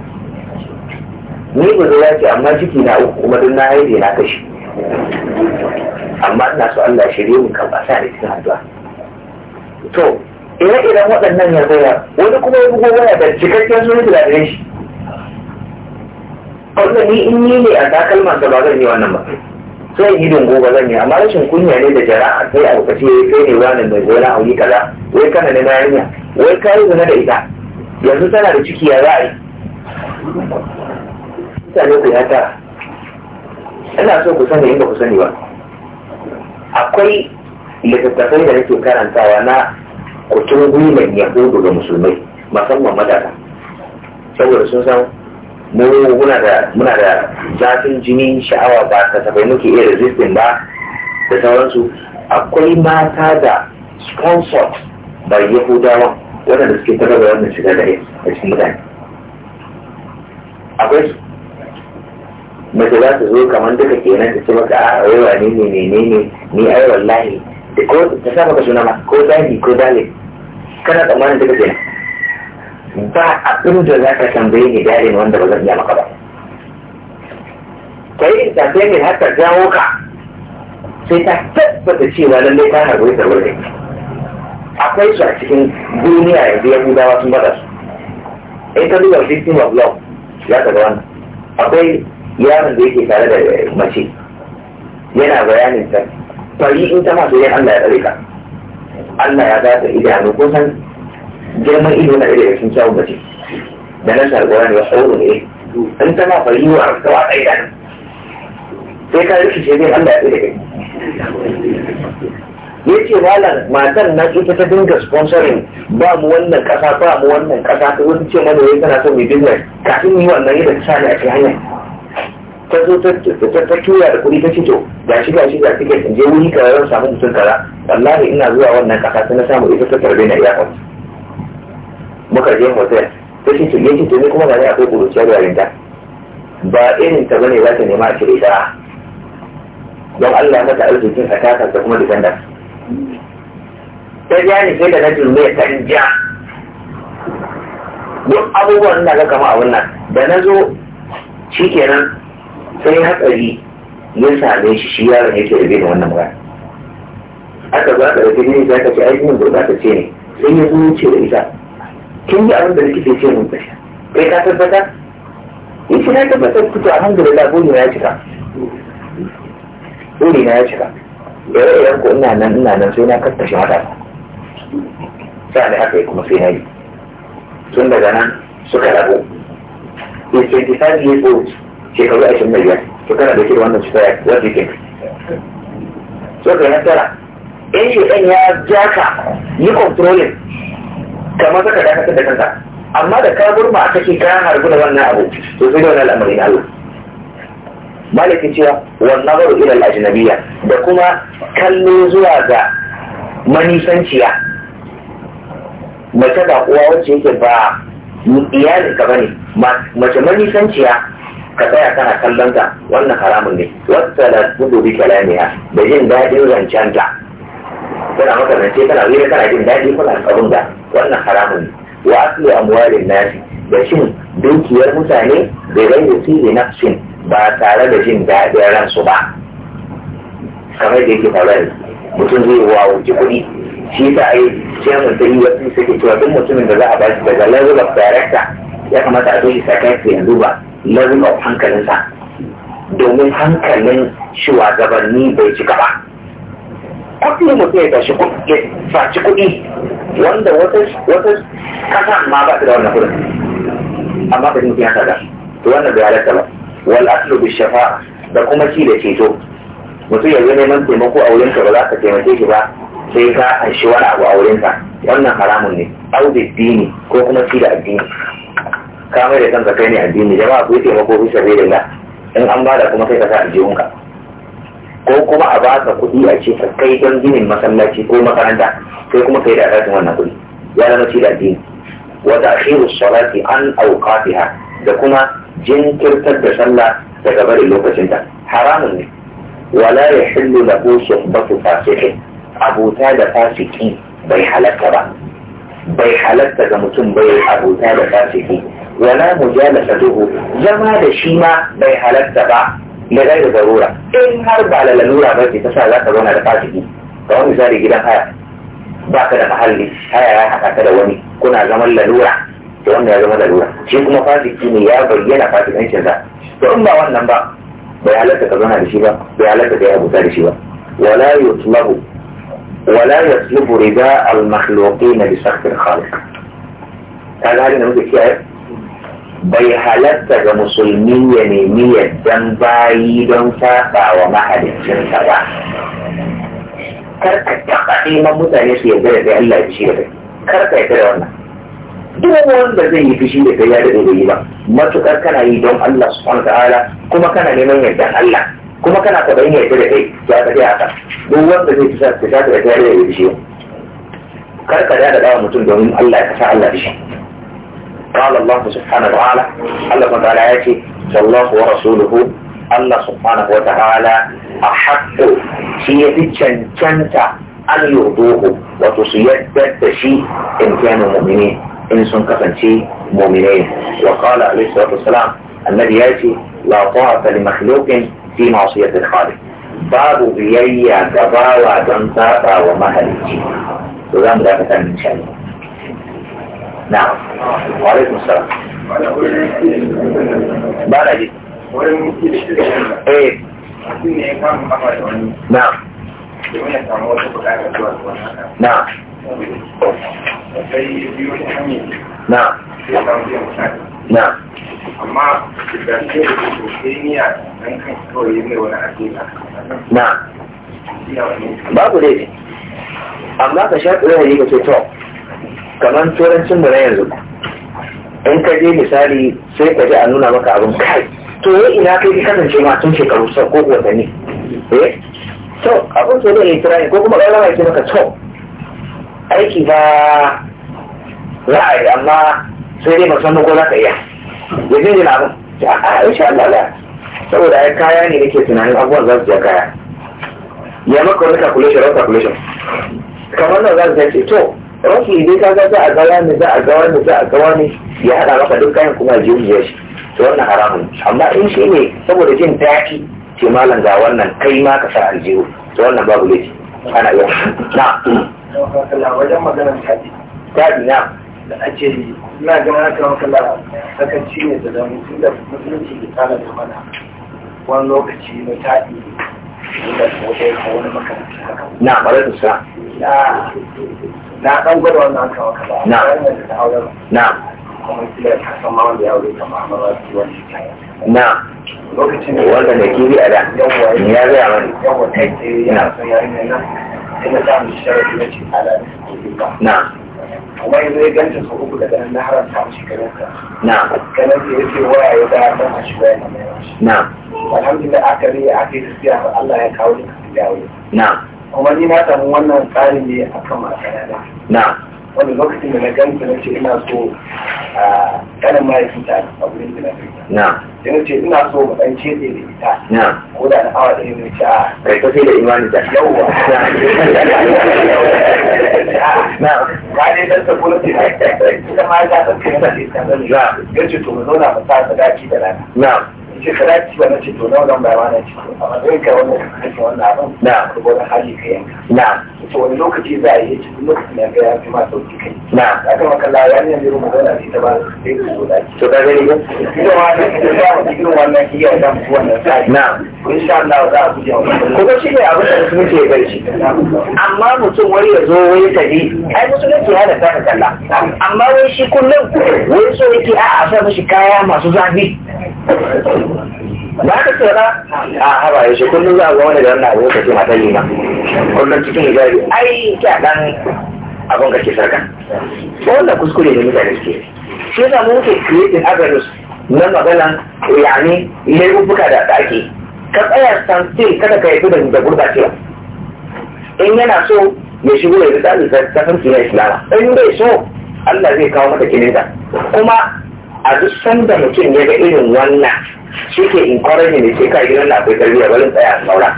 Speaker 1: ni ba zai ce amma ciki na uku kuma don na haife na kashi amma ina so Allah shirye mu kan ƙasa da cikin addu'a to ina idan waɗannan ya zaya wani kuma ya bugo waya da cikakken sunan da gare shi wanda ni in yi ne a takalman sa ba zan yi wannan ba sai yi dungo ba zan yi amma rashin kunya ne da jara'a sai a lokaci ya kai ne wani mai zai na auri kaza wai kana ne na yarinya wai kayi zina da ita yanzu tana da ciki ya za a yi mutane ku yata ina so ku sani inda ku sani ba akwai littattafai da nake karantawa na kutun gwiwan yahudu ga musulmai musamman madara saboda sun san muna da muna da zafin jini sha'awa ba ta kasafai muke iya resistin ba da sauransu akwai mata da sponsors bai yahudawa waɗanda suke tattara wannan shiga da a cikin mutane akwai mace za ta zo kamar duka kenan ta ce maka a waiwa ne ne ne ne ne ni ai wallahi da ko ta sa maka suna ma ko zagi ko zale kana tsammanin duka kenan ba abin da za ka tambaye ni dalin wanda ba zan iya maka ba kai tambaye ni har ta jawo ka sai ta tabbata cewa lallai ta harbe ta wurin akwai su a cikin duniya yanzu ya sun bada su in ka duba victim of love ya ka ga wannan akwai yaron da yake tare da mace yana bayanin ta fari in ta masu yin Allah ya tsare ka Allah ya ba ta idanu ko san girman ido na ido sun kyawun mace da na sargora ne sauro ne in ta ma fari wa ta wa tsaye da sai ka rikice ne Allah ya tsare ka ya ce malam matan na ita ta dinga sponsorin ba mu wannan kasa ba mu wannan kasa ta wani ce mana wai kana son mai business kafin yi wannan yadda ta sani a cikin hanyar ta zo ta tura da kuɗi ta ce to gashi shi ga shi tiket in je wuri kaza zan samu mutum kaza wallahi ina zuwa wannan kasa ta na samu ita ta tarbe na iyakar muka je hotel ta ce to yake to ne kuma gani ne akwai kuruciyar yarinta ba irin ta bane za ta nema a cire ta don Allah mata arzikin a takar da kuma defender ta ja ni sai da na jirme ta ja duk abubuwan na ga kama abin nan, da na zo shi kenan sai hatsari ya same shi shi yaron yake da bin wannan magana aka ba ka da ne za ka ce ainihin gurbata ce ne sai ya zuwa ce da ita kin yi abin da likita ce mun tashi kai ka tabbata in shi na tabbatar ku hangar da buri na ya cika buri na ya cika da ra'ayin ku ina nan ina nan sai na kakkashe mata sai da haka kuma sai na yi tun daga nan suka rabu in 25 years old ya tsoro shekaru ashirin da biyar to kana da shirin wannan cuta ya what do so ka nasara in shekan ya ja ka yi controlling kamar saka dakatar da kanka amma da ka gurma aka ce ka harbu da wannan abu to sai da wannan al'amari na Allah malaki cewa wannan baro ila al-ajnabiyya da kuma kallo zuwa ga manisanciya mace ba uwa wacce yake ba iyali ka bane mace manisanciya ka tsaya kana kallon ta wannan haramun ne wata da gudu bi kalamiya da jin daɗin ta kana maka rance kana wuri kana jin daɗi kuna tsarun da wannan haramun ne wa asli amwalin nasi da shin dukiyar mutane bai bai da sirri nafsin ba tare da jin daɗin ransu ba kamar da yake faruwa mutum zai wa wuce kuɗi shi ta ai chairman ta yi e wasu suke cewa duk mutumin da za a ba shi daga level of director ya kamata a zo shi sakaitu yanzu ba of hankalinsa domin hankalin shugabanni bai ci gaba kuɗi mutum ya tashi ya faci kuɗi wanda wata kasa ma ba su da wannan kuɗin amma ba mutum ya kaga to wannan bai halatta ba wal aslu bi shafa da kuma ci da ceto mutum ya zo neman taimako a wurin ka ba za ka taimake shi ba sai ka shi wani abu a wurin ka wannan haramun ne au dini ko kuma ci da addini ka mai da kanka kai ne addini jama'a ku yi taimako fi sabilillah in an bada kuma sai ka sa aljihunka ko kuma a ba ka kuɗi a ce kai don ginin masallaci ko makaranta kai kuma kai da alatin wannan kuɗi ya zama ci da addini wa ta'khiru salati an awqatiha da kuma jinkirtar da sallah daga barin lokacinta haramun ne wala yahillu lahu suhbatu fasiqin abuta da fasiki bai halatta ba bai halatta ga mutum bai abuta da fasiki wala mujalasatuhu zama da shi ma bai halatta ba da gaira zarura in har ba la lalura ba ke ta sa za ka zauna da fasiki kamar misali gidan haya ba ka da mahalli haya ya haɗa ta da wani kuna zaman lalura da wanda ya zama lalura shi kuma fasiki ne ya bayyana fasikancin sa to in ba wannan ba bai halatta ka zauna da shi ba bai halatta ka yi abuta da shi ba wala yutlabu ولا يطلب رداء المخلوقين بسخط الخالق هل هذا نموذج كيف bai halatta ga musulmi ya nemi yaddan bayi don saba wa mahaliccinsa ba kar ka neman mutane su yadda da Allah ya ce da kar ka yarda da wannan duk wanda zai yi fushi da kai ya da bai yi ba matukar kana yi don Allah subhanahu ta'ala kuma kana neman yaddan Allah kuma kana ka bayyana yadda da kai ya ka dai haka duk wanda zai fusa da kai ya da bai yi kar ka da da mutum domin Allah ya kasa Allah fushi قال الله سبحانه وتعالى الله وتعالى آتي الله ورسوله الله سبحانه وتعالى أحق شيء تشنت أن يرضوه وتصيد شيء إن كانوا مؤمنين إن سنكفن شيء مؤمنين وقال عليه الصلاة والسلام النبي يأتي لا طاعة لمخلوق في معصية الخالق باب بيا كبا وجنتا ومهلتي وذا مدافعا من شأنه na'am wa alaikum ba da ji eh na'am na'am na'am na'am amma da ke da sosai niyya na kamar turancin mu na yanzu in ka je misali sai ka je a nuna maka abin kai to ya ina kai ka kasance ma tun shekaru sau ko watanni eh to abin so da ya ko kuma ƙarama ya maka to aiki ba za a yi amma sai dai musamman ko za ka iya ya zai yi abin a insha Allah la saboda ya kaya ne nake tunanin abubuwan za su je kaya ya maka wani calculation wani calculation kamar nan za su ce to rashi dai ka ga za a ga wani za a ga wani za a ga wani ya hada maka duk kayan kuma jiya shi to wannan haramun amma in shi ne saboda jin daɗi ce malam ga wannan kai ma ka sa aljihu to wannan babu laifi ana yau na wajen maganar taɗi taɗi na da ake yi ina ganin haka makala sakanci ne da da mutum da musulunci da tsara da mana wani lokaci na taɗi da kuma wani makaranta na ɓarar da sa na dan gwada wannan aka maka ba na na kuma kila ka san ma wanda ya aure ka ma ba shi wani na lokacin da wanda da kiri a da ya ga mani yawa kai yana son yarinya Na. ina ta mu sharadi na ce ala na kuma yanzu ya ganta sau uku daga nan na haramta mu shekarun ka na kanan ya ce waya ya da dan a shi waya na na alhamdulillah a kare ya ake tafiya Allah ya kawo ni ka dawo na kuma ni na samu wannan tsarin ne a kan makarana na wani lokacin da na ganta na ce ina so a kanin mahaifi ta a wurin da na fita na sai na ina so mu dan ce da ita na ko da na awa ɗaya na ce a ah. kai ka sai da imani ta yawwa na ba ne dan ta na ce ita ma ya ta ita zan ya ce to mu zauna mu sa sadaki da rana na ce ka dace ba na ce to nawa zan bayar wannan ce amma zai kai wannan wannan abin na kuma da hali ka yanka na to wani lokaci za a yi lokacin da ya fi ma sauki kai na a kan maka la ne yanzu mu zauna ta ba sai ku zo dace to kaga ne ita ma da ita ta mu cikin wannan iya da mu wannan sai na insha Allah za a guje wannan kuma shi ne abin da mutum ke gari amma mutum wani ya zo wani tafi ai musulunci ya da ta kalla amma wai shi kullum wai so yake a a sa mashi kaya masu zafi ba ka tsora a haba ya shi kullum za a ga wani da wannan abu ka ce mata yi ba. kullum cikin hijabi ai kya dan abin ka ke sarka wannan kuskure ne mutane suke shi yasa mu muke creating avenues na maganan yani laifuka da ake ka tsaya san still kada ka yi da gurbacewa in yana so ya shigo ya zai ta kasance na islama in bai so Allah zai kawo mata kilinta kuma a duk sanda mutum ya ga irin wannan shi ke in kwarar ne sai ka gidan na akwai tarbiyya bari tsaya a saura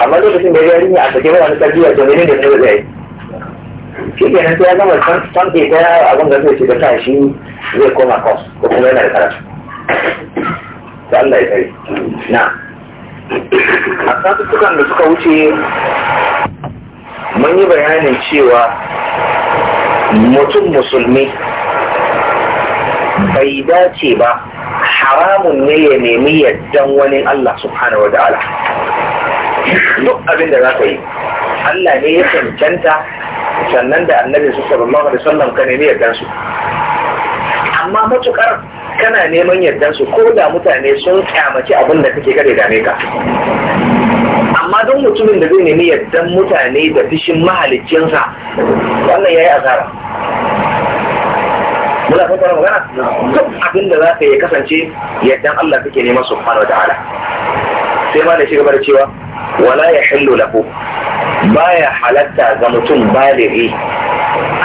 Speaker 1: amma lokacin da ya rinya a sake ba wani tarbiyya to menene ne zai shi ke nan sai ya gama san ke ta abin da zai ce da ta shi zai koma kos ko kuma yana da karatu ta Allah ya tsari na a satuttukan da suka wuce mun yi bayanin cewa mutum musulmi bai dace ba haramun ne ya nemi yaddan wani Allah subhanahu wa ta'ala duk abin da za ka yi Allah ne ya cancanta sannan da annabi su sallallahu alaihi wasallam ka nemi su amma matukar kana neman yaddan su ko da mutane sun kyamaci abin da kake kare dame ka amma don mutumin da zai nemi yardan mutane da fishin mahaliccinsa wannan yayi asara muna kan kwanar magana duk abin da za ka yi kasance yadda Allah kake nema subhanahu wa ta'ala sai ma da shi gaba da cewa wala ya hillu lahu baya halatta ga mutum balighi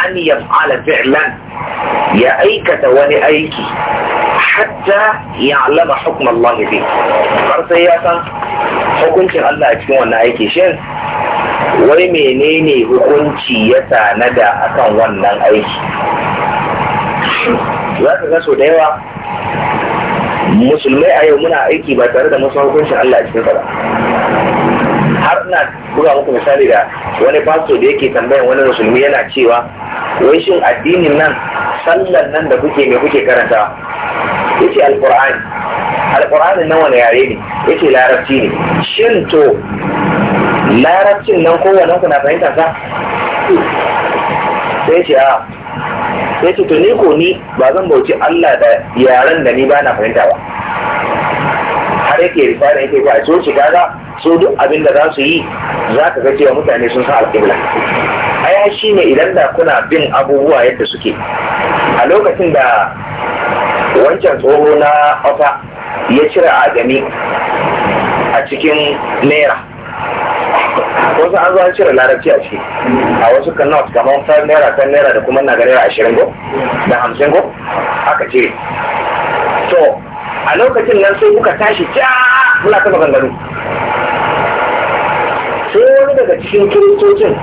Speaker 1: an yaf'ala fi'lan ya aikata wani aiki hatta ya'lama hukm Allah bi har sai ya san hukuncin Allah a cikin wannan aiki shin wai menene hukunci ya tanada akan wannan aiki za ka kaso da yawa musulmai a yau muna aiki ba tare da masu hukunci Allah a cikin ba har na buga muku misali da wani pastor da yake tambayan wani musulmi yana cewa wai shin addinin nan sallan nan da kuke mai kuke karanta yace alqur'ani alqur'ani nan wani yare ne yace larabci ne shin to larabcin nan kowane ku na fahimta sa sai ce a ya ce ni ko ni ba zan bauci Allah da yaren da ni ba na fahimta ba har yake risala yake ba so shi kaga so duk abin da za su yi za ka ga cewa mutane sun sa alƙibla aya shi ne idan da kuna bin abubuwa yadda suke a lokacin da wancan tsoro na ofa ya cire agami a cikin naira wasu an zo an cire larabci a ciki a wasu kan not kamar ta naira ta naira da kuma na ga naira ashirin go da hamsin go aka ce to a lokacin nan sai muka tashi ja muna ta maganganu sai wani daga cikin kiristocin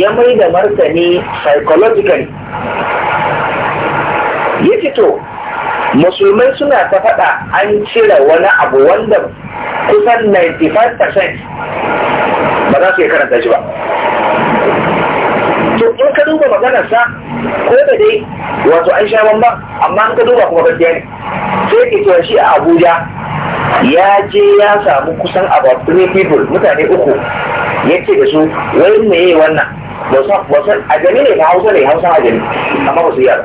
Speaker 1: ya mai da martani psychologically ya fito to musulmai suna ta faɗa an cire wani abu wanda kusan 95% ba za su yi karanta shi ba to in ka duba maganarsa ko da dai wato an sha ban amma an ka duba kuma gaskiya ne sai ke cewa shi a abuja ya je ya samu kusan about three people mutane uku ya ce da su wai yi wannan wasan ajami ne ka hausa ne hausa ajami amma ba su yi ba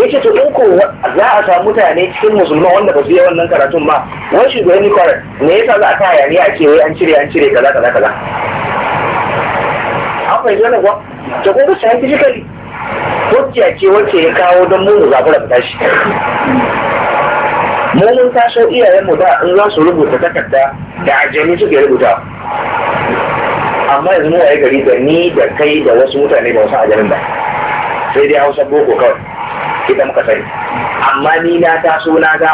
Speaker 1: yake to in ko za a samu mutane cikin musulman wanda ba su yi wannan karatun ba wani shugabanni kwarar me yasa za a ta yare a ce wai an cire an cire kaza kaza kaza an fahimci wannan kuwa to kun ga scientifically hujja ce wacce ya kawo don mu mu zaɓi rabta shi mu mun taso iyayenmu da in za su rubuta takarda da ajami suke rubuta amma yanzu mu waye gari da ni da kai da wasu mutane ba wasu ajamin ba sai dai hausa boko kawai idan muka sani amma ni na taso na ga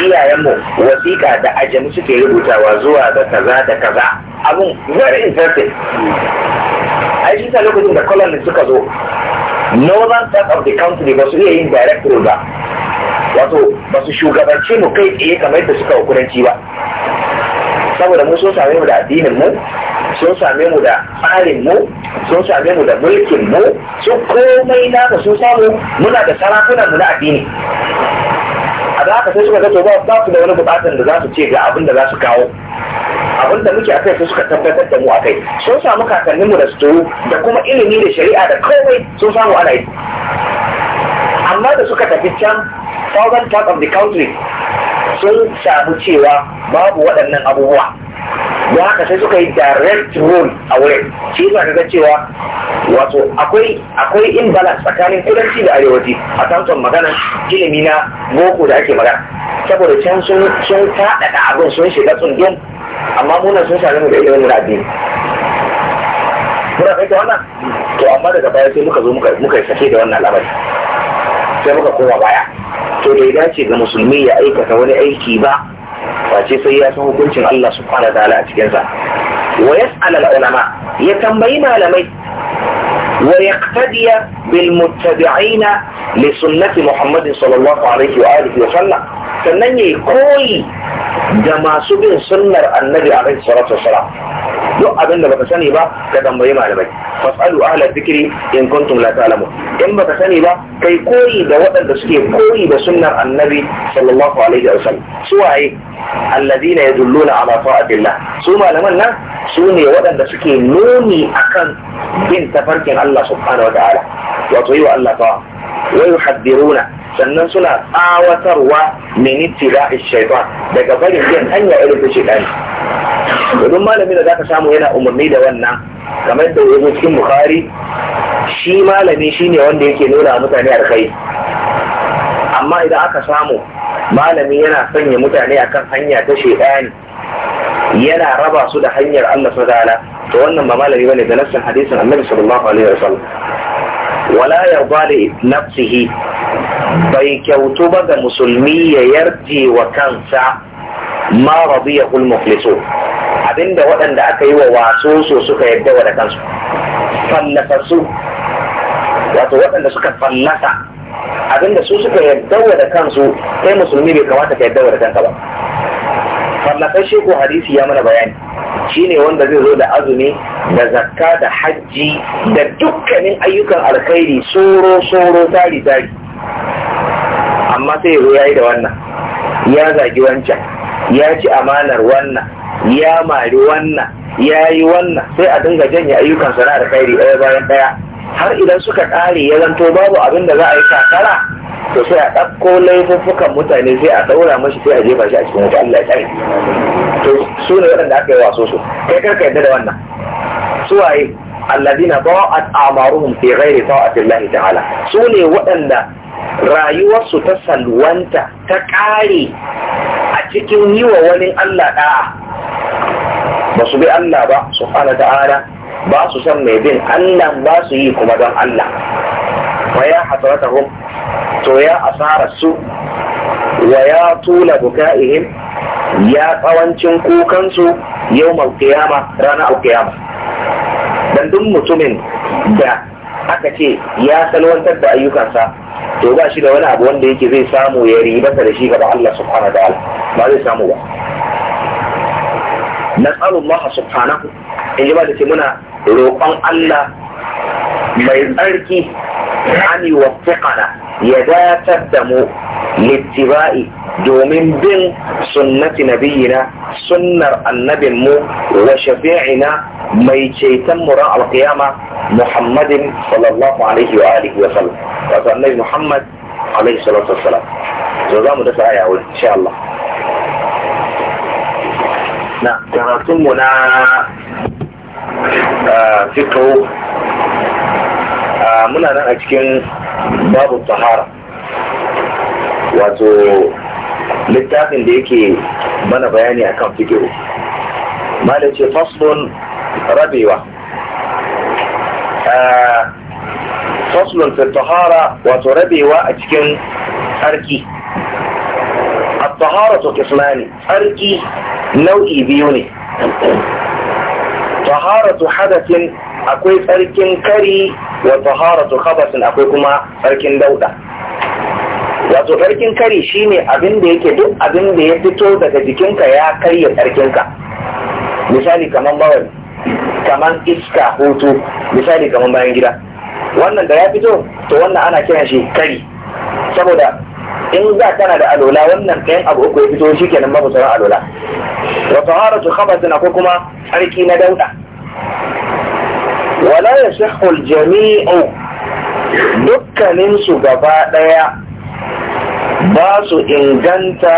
Speaker 1: iyayenmu wasiƙa da ajami suke rubutawa zuwa da kaza da kaza abun very interesting a shi ta lokacin da colony suka zo northern part of the country ba su iya yin director ba wato ba su shugabanci mu kai tsaye kamar yadda suka wa kudanci ba saboda mu so same mu da addinin mu sun same mu da tsarin mu sun same mu da mulkin mu su komai na ka sun samu muna da sarakunan mu na addini a da haka sai suka zato ba su da wani bukatan da za su ce ga abin da za su kawo abin da muke akai sai suka tabbatar da mu akai sun samu kakannin mu da su da kuma ilimi da shari'a da komai sun samu ana yi amma da suka tafi can southern part of the country sun samu cewa babu waɗannan abubuwa don haka sai suka yi direct role a wurin shi ba ka ga cewa wato akwai akwai imbalance tsakanin kudanci da arewaci a tantan magana ilimi na boko da ake magana saboda can sun sun faɗaɗa abin sun shiga tsundun. amma munan sun sami da ilimin na addini kai ta wannan to amma daga baya sai muka zo muka yi sake da wannan labari sai muka koma baya to da ya dace ga musulmi ya aikata wani aiki ba face sai ya san hukuncin Allah subhanahu wa ta'ala a cikin sa wa yas'al al-ulama ya tambayi malamai wa yaqtadiya bil muttabi'ina li sunnati Muhammad sallallahu alaihi wa alihi wa sallam sannan yayi koyi da masu bin sunnar Annabi alaihi salatu wasalam duk abin da baka sani ba ka tambayi malamai fasalu ahla zikri in kuntum la ta'lamun in baka sani ba kai koyi da waɗanda suke koyi da sunnar annabi sallallahu alaihi wa sallam suwaye alladhina yadulluna ala ta'atillah su malaman nan su ne waɗanda suke nuni akan bin tafarkin Allah subhanahu wa ta'ala wato yi wa Allah ta'a wa yuhaddiruna sannan suna tsawatarwa min ittida shaytan daga barin biyan hanya irin ta shaytan domin malami da zaka samu yana umarni da wannan kamar da yazo cikin bukari shi malami shine wanda yake nuna mutane alkhairi amma idan aka samu malami yana sanya mutane akan hanya ta shaytan yana raba su da hanyar Allah subhanahu to wannan ba malami bane da nassin hadisin Annabi sallallahu alaihi wasallam wala ya yarda li nafsihi bai kyautu ba ga musulmi ya yarje wa kansa ma radiyahu al-muflisu abinda waɗanda aka yi wa waso so suka yarda wa da kansu su. wato waɗanda suka fallasa abinda su suka yarda wa da kansu sai musulmi bai kamata ka yarda wa da kansa ba fallakan sheku hadisi ya mana bayani shine wanda zai zo da azumi da zakka da hajji da dukkanin ayyukan alkhairi soro soro tari tari amma sai ya yi da wannan ya zagi wancan ya ci amanar wannan ya mari wannan ya yi wannan sai a dinga janye ayyukan sana'ar kairi ɗaya bayan ɗaya har idan suka ƙare ya zanto babu abin da za a yi kakara to sai a ɗauko laifuffukan mutane sai a ɗaura mashi sai a jefa shi a cikin wuta Allah ya tsare to su ne waɗanda aka yi waso su kai karka yadda da wannan su waye alladina ba'at amaruhum fi ghairi ta'ati Allah ta'ala su ne waɗanda rayuwarsu ta salwanta ta ƙare a cikin yi wa wani Allah ɗa'a ba su bi Allah ba subhanahu ta'ala ba su san mai bin Allah ba su yi kuma don Allah Waya ya hasratahum to ya asara su wa ya tula buka'ihim ya tsawancin kukansu yau malkiyama ranar alkiyama dan duk mutumin da aka ce ya salwantar da ayyukansa to ba shi da wani abu wanda yake zai samu ya ribata da shi gaba Allah subhanahu wa ta'ala ba zai samu ba Maha subhanahu in ji ba da ce muna roƙon Allah ما يسألك يعني أن يوفقنا يدا تبدم لاتباع دومين بن سنة نبينا سنة النبي المو وشفيعنا ما يتشيتم مراء القيامة محمد صلى الله عليه وآله وسلم وصلى النبي محمد عليه الصلاة والسلام زوجان مدفع يا إن شاء الله نعم كراتمنا آه، فقه muna nan a cikin babu tahara, wato littafin da yake mana bayani a kan fikiru mala ce faslun rabewa ah, faslun fi tahara wato rabewa a cikin tsarki a tahara to kismani tsarki nau'i biyu ne taharatu hadasin akwai tsarkin kari wa taharatu khabasin akwai kuma tsarkin dauda wato tsarkin kari shine abin da yake duk abin da ya fito daga jikinka ya karya tsarkinka misali kamar bawal kamar iska hutu misali kaman bayan gida wannan da ya fito to wannan ana kiran shi kari saboda in za tana da alola wannan ɗayan abu uku ya fito shi kenan babu sauran alola wa taharatu khabathin ko kuma tsarki na dauda wala yasihhu al-jami'u dukkanin su gaba daya ba su inganta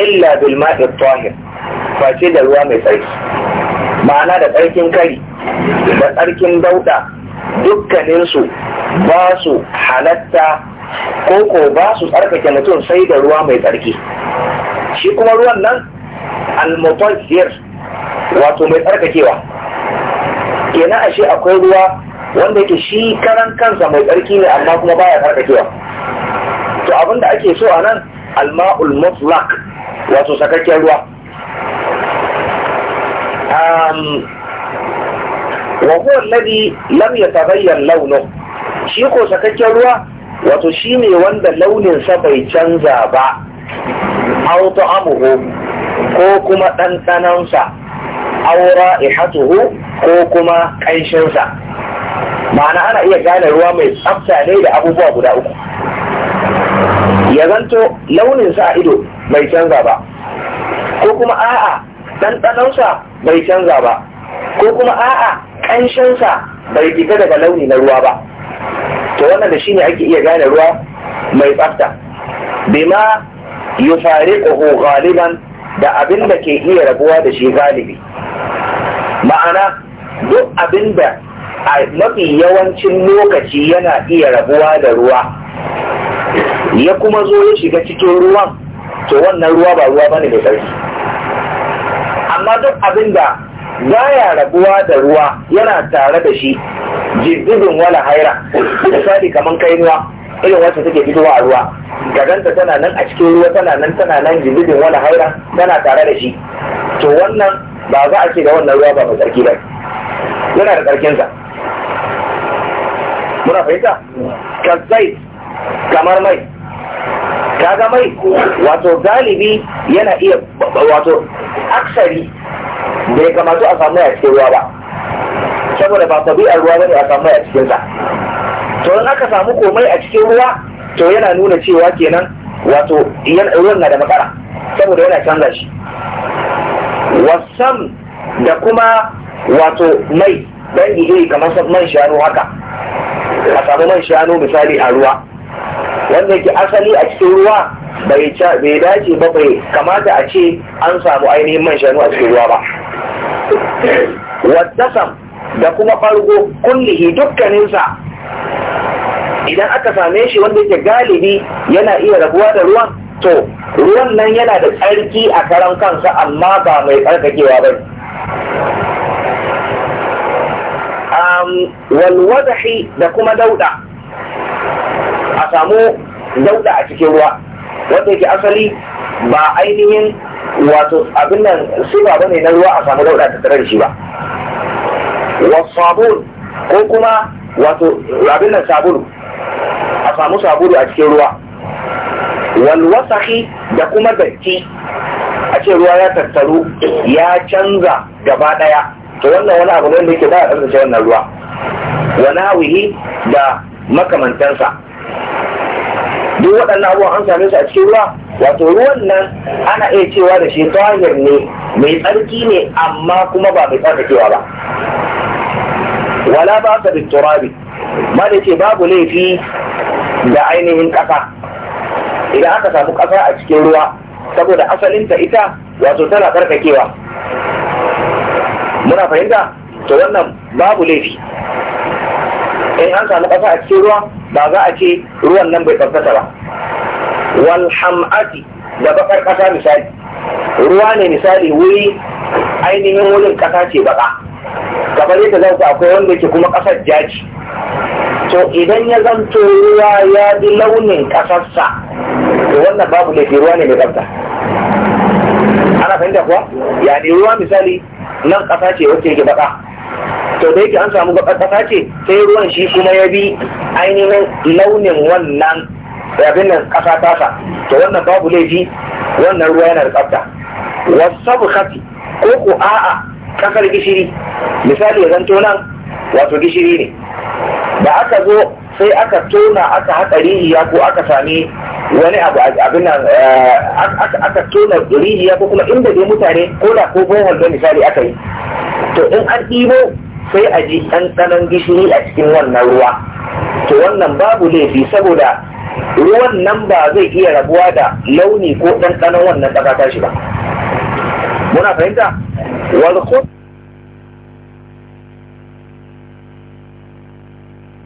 Speaker 1: illa bil ma'i tahir face da ruwa mai tsarki ma'ana da tsarkin kari da tsarkin dauda dukkaninsu ba su halatta ko ko ba su tsarkake mutum sai da ruwa mai tsarki shi kuma ruwan nan almutazir wato mai tsarkakewa kenan ashe akwai ruwa wanda yake shi karan kansa mai tsarki ne amma kuma baya tsarkakewa to abin da ake so a nan alma'ul mutlaq wato sakakken ruwa wa huwa alladhi lam yatabayyan launuhu shi ko sakakken ruwa wato shi ne wanda launinsa bai canza ba auto amuhu ko kuma ɗanɗanansa aura ihatuhu ko kuma ƙanshinsa ma'ana ana iya gane ruwa mai tsafta ne da abubuwa guda uku ya zanto launinsa a ido bai canza ba ko kuma a'a ɗanɗanansa bai canza ba ko kuma a'a ƙanshinsa bai fita daga launi na ruwa ba to wannan da shine ake iya gane ruwa mai tsafta bima yufariquhu ghaliban da abin da ke iya rabuwa da shi galibi ma'ana duk abin da a mafi yawancin lokaci yana iya rabuwa da ruwa ya kuma zo ya shiga cikin ruwan to wannan ruwa ba ruwa bane mai tsarki amma duk abin da baya rabuwa da ruwa yana tare da shi jizibin wala haira misali kaman kai ruwa irin wacce take fitowa a ruwa gaganta tana nan a cikin ruwa tana nan tana nan jizibin wala haira tana tare da shi to wannan ba za a ce da wannan ruwa ba mai tsarki ba yana da tsarkinsa muna fahimta zai kamar mai kaga mai wato galibi yana iya wato aksari bai kamatu a samu a cikin ruwa ba saboda ba tabi'ar ruwa bane a samu a cikin sa to in aka samu komai a cikin ruwa to yana nuna cewa kenan wato ruwan na da makara saboda yana canza shi wasan da kuma wato mai dangi iri kamar man shanu haka a samu man shanu misali a ruwa wanda yake asali a cikin ruwa bai dace ba bai kamata a ce an samu ainihin man shanu a cikin ruwa ba waddasam da kuma ɓargo kullihi dukkaninsa idan aka same shi wanda yake galibi yana iya rabuwa da ruwan to ruwan nan yana da tsarki a karan kansa amma ba mai tsarkakewa ba walwadahi da kuma dauda a samu dauda a cikin ruwa wanda yake asali ba ainihin wato abin nan siba bane na ruwa a samu dauda ta tare da shi ba wasabun ko kuma wato abin nan sabulu a samu sabulu a cikin ruwa wal wasahi da kuma datti a ce ruwa ya tattaru ya canza gaba daya to wannan wani abu ne da yake ba a tsarkace wannan ruwa wa nawihi da makamantansa duk waɗannan abubuwan an same su a cikin ruwa wato ruwan nan ana iya cewa da shi tawagir ne mai tsarki ne amma kuma ba mai tsarkakewa ba wala ba ka turabi ma da ce babu laifi da ainihin ƙasa idan aka samu ƙasa a cikin ruwa saboda asalinta ita wato tana karkakewa muna fahimta to wannan babu laifi in an samu ƙasa a cikin ruwa ba za a ce ruwan nan bai tsaftace ba wal ham'ati da bakar ƙasa misali ruwa ne misali wuri ainihin wurin ƙasa ce baka gaba zai ta akwai wanda ke kuma ƙasar jaji to idan ya zanto ruwa ya bi launin kasarsa to wannan babu laifi ruwa ne mai tsafta ana fahimta kuwa ya ne ruwa misali nan ƙasa ce wacce yake baka to da yake an samu bakar ƙasa ce sai ruwan shi kuma ya bi ainihin launin wannan rabin nan kasa tasa to wannan babu laifi wannan ruwa yana da tsafta wasu kafi ko ku a'a kasar gishiri misali ya zanto nan wato gishiri ne da aka zo sai aka tona aka haka rijiya ko aka sami wani abu abin nan eh, aka tona rijiya ko kuma inda dai mutane ko da ko bohol da misali aka yi to in an ɗibo sai a ji ɗanɗanon gishiri a cikin wannan ruwa to wannan babu laifi saboda ruwan nan ba zai iya rabuwa da launi ko ɗanɗanon wannan ƙasa shi ba buena Igual los juntos.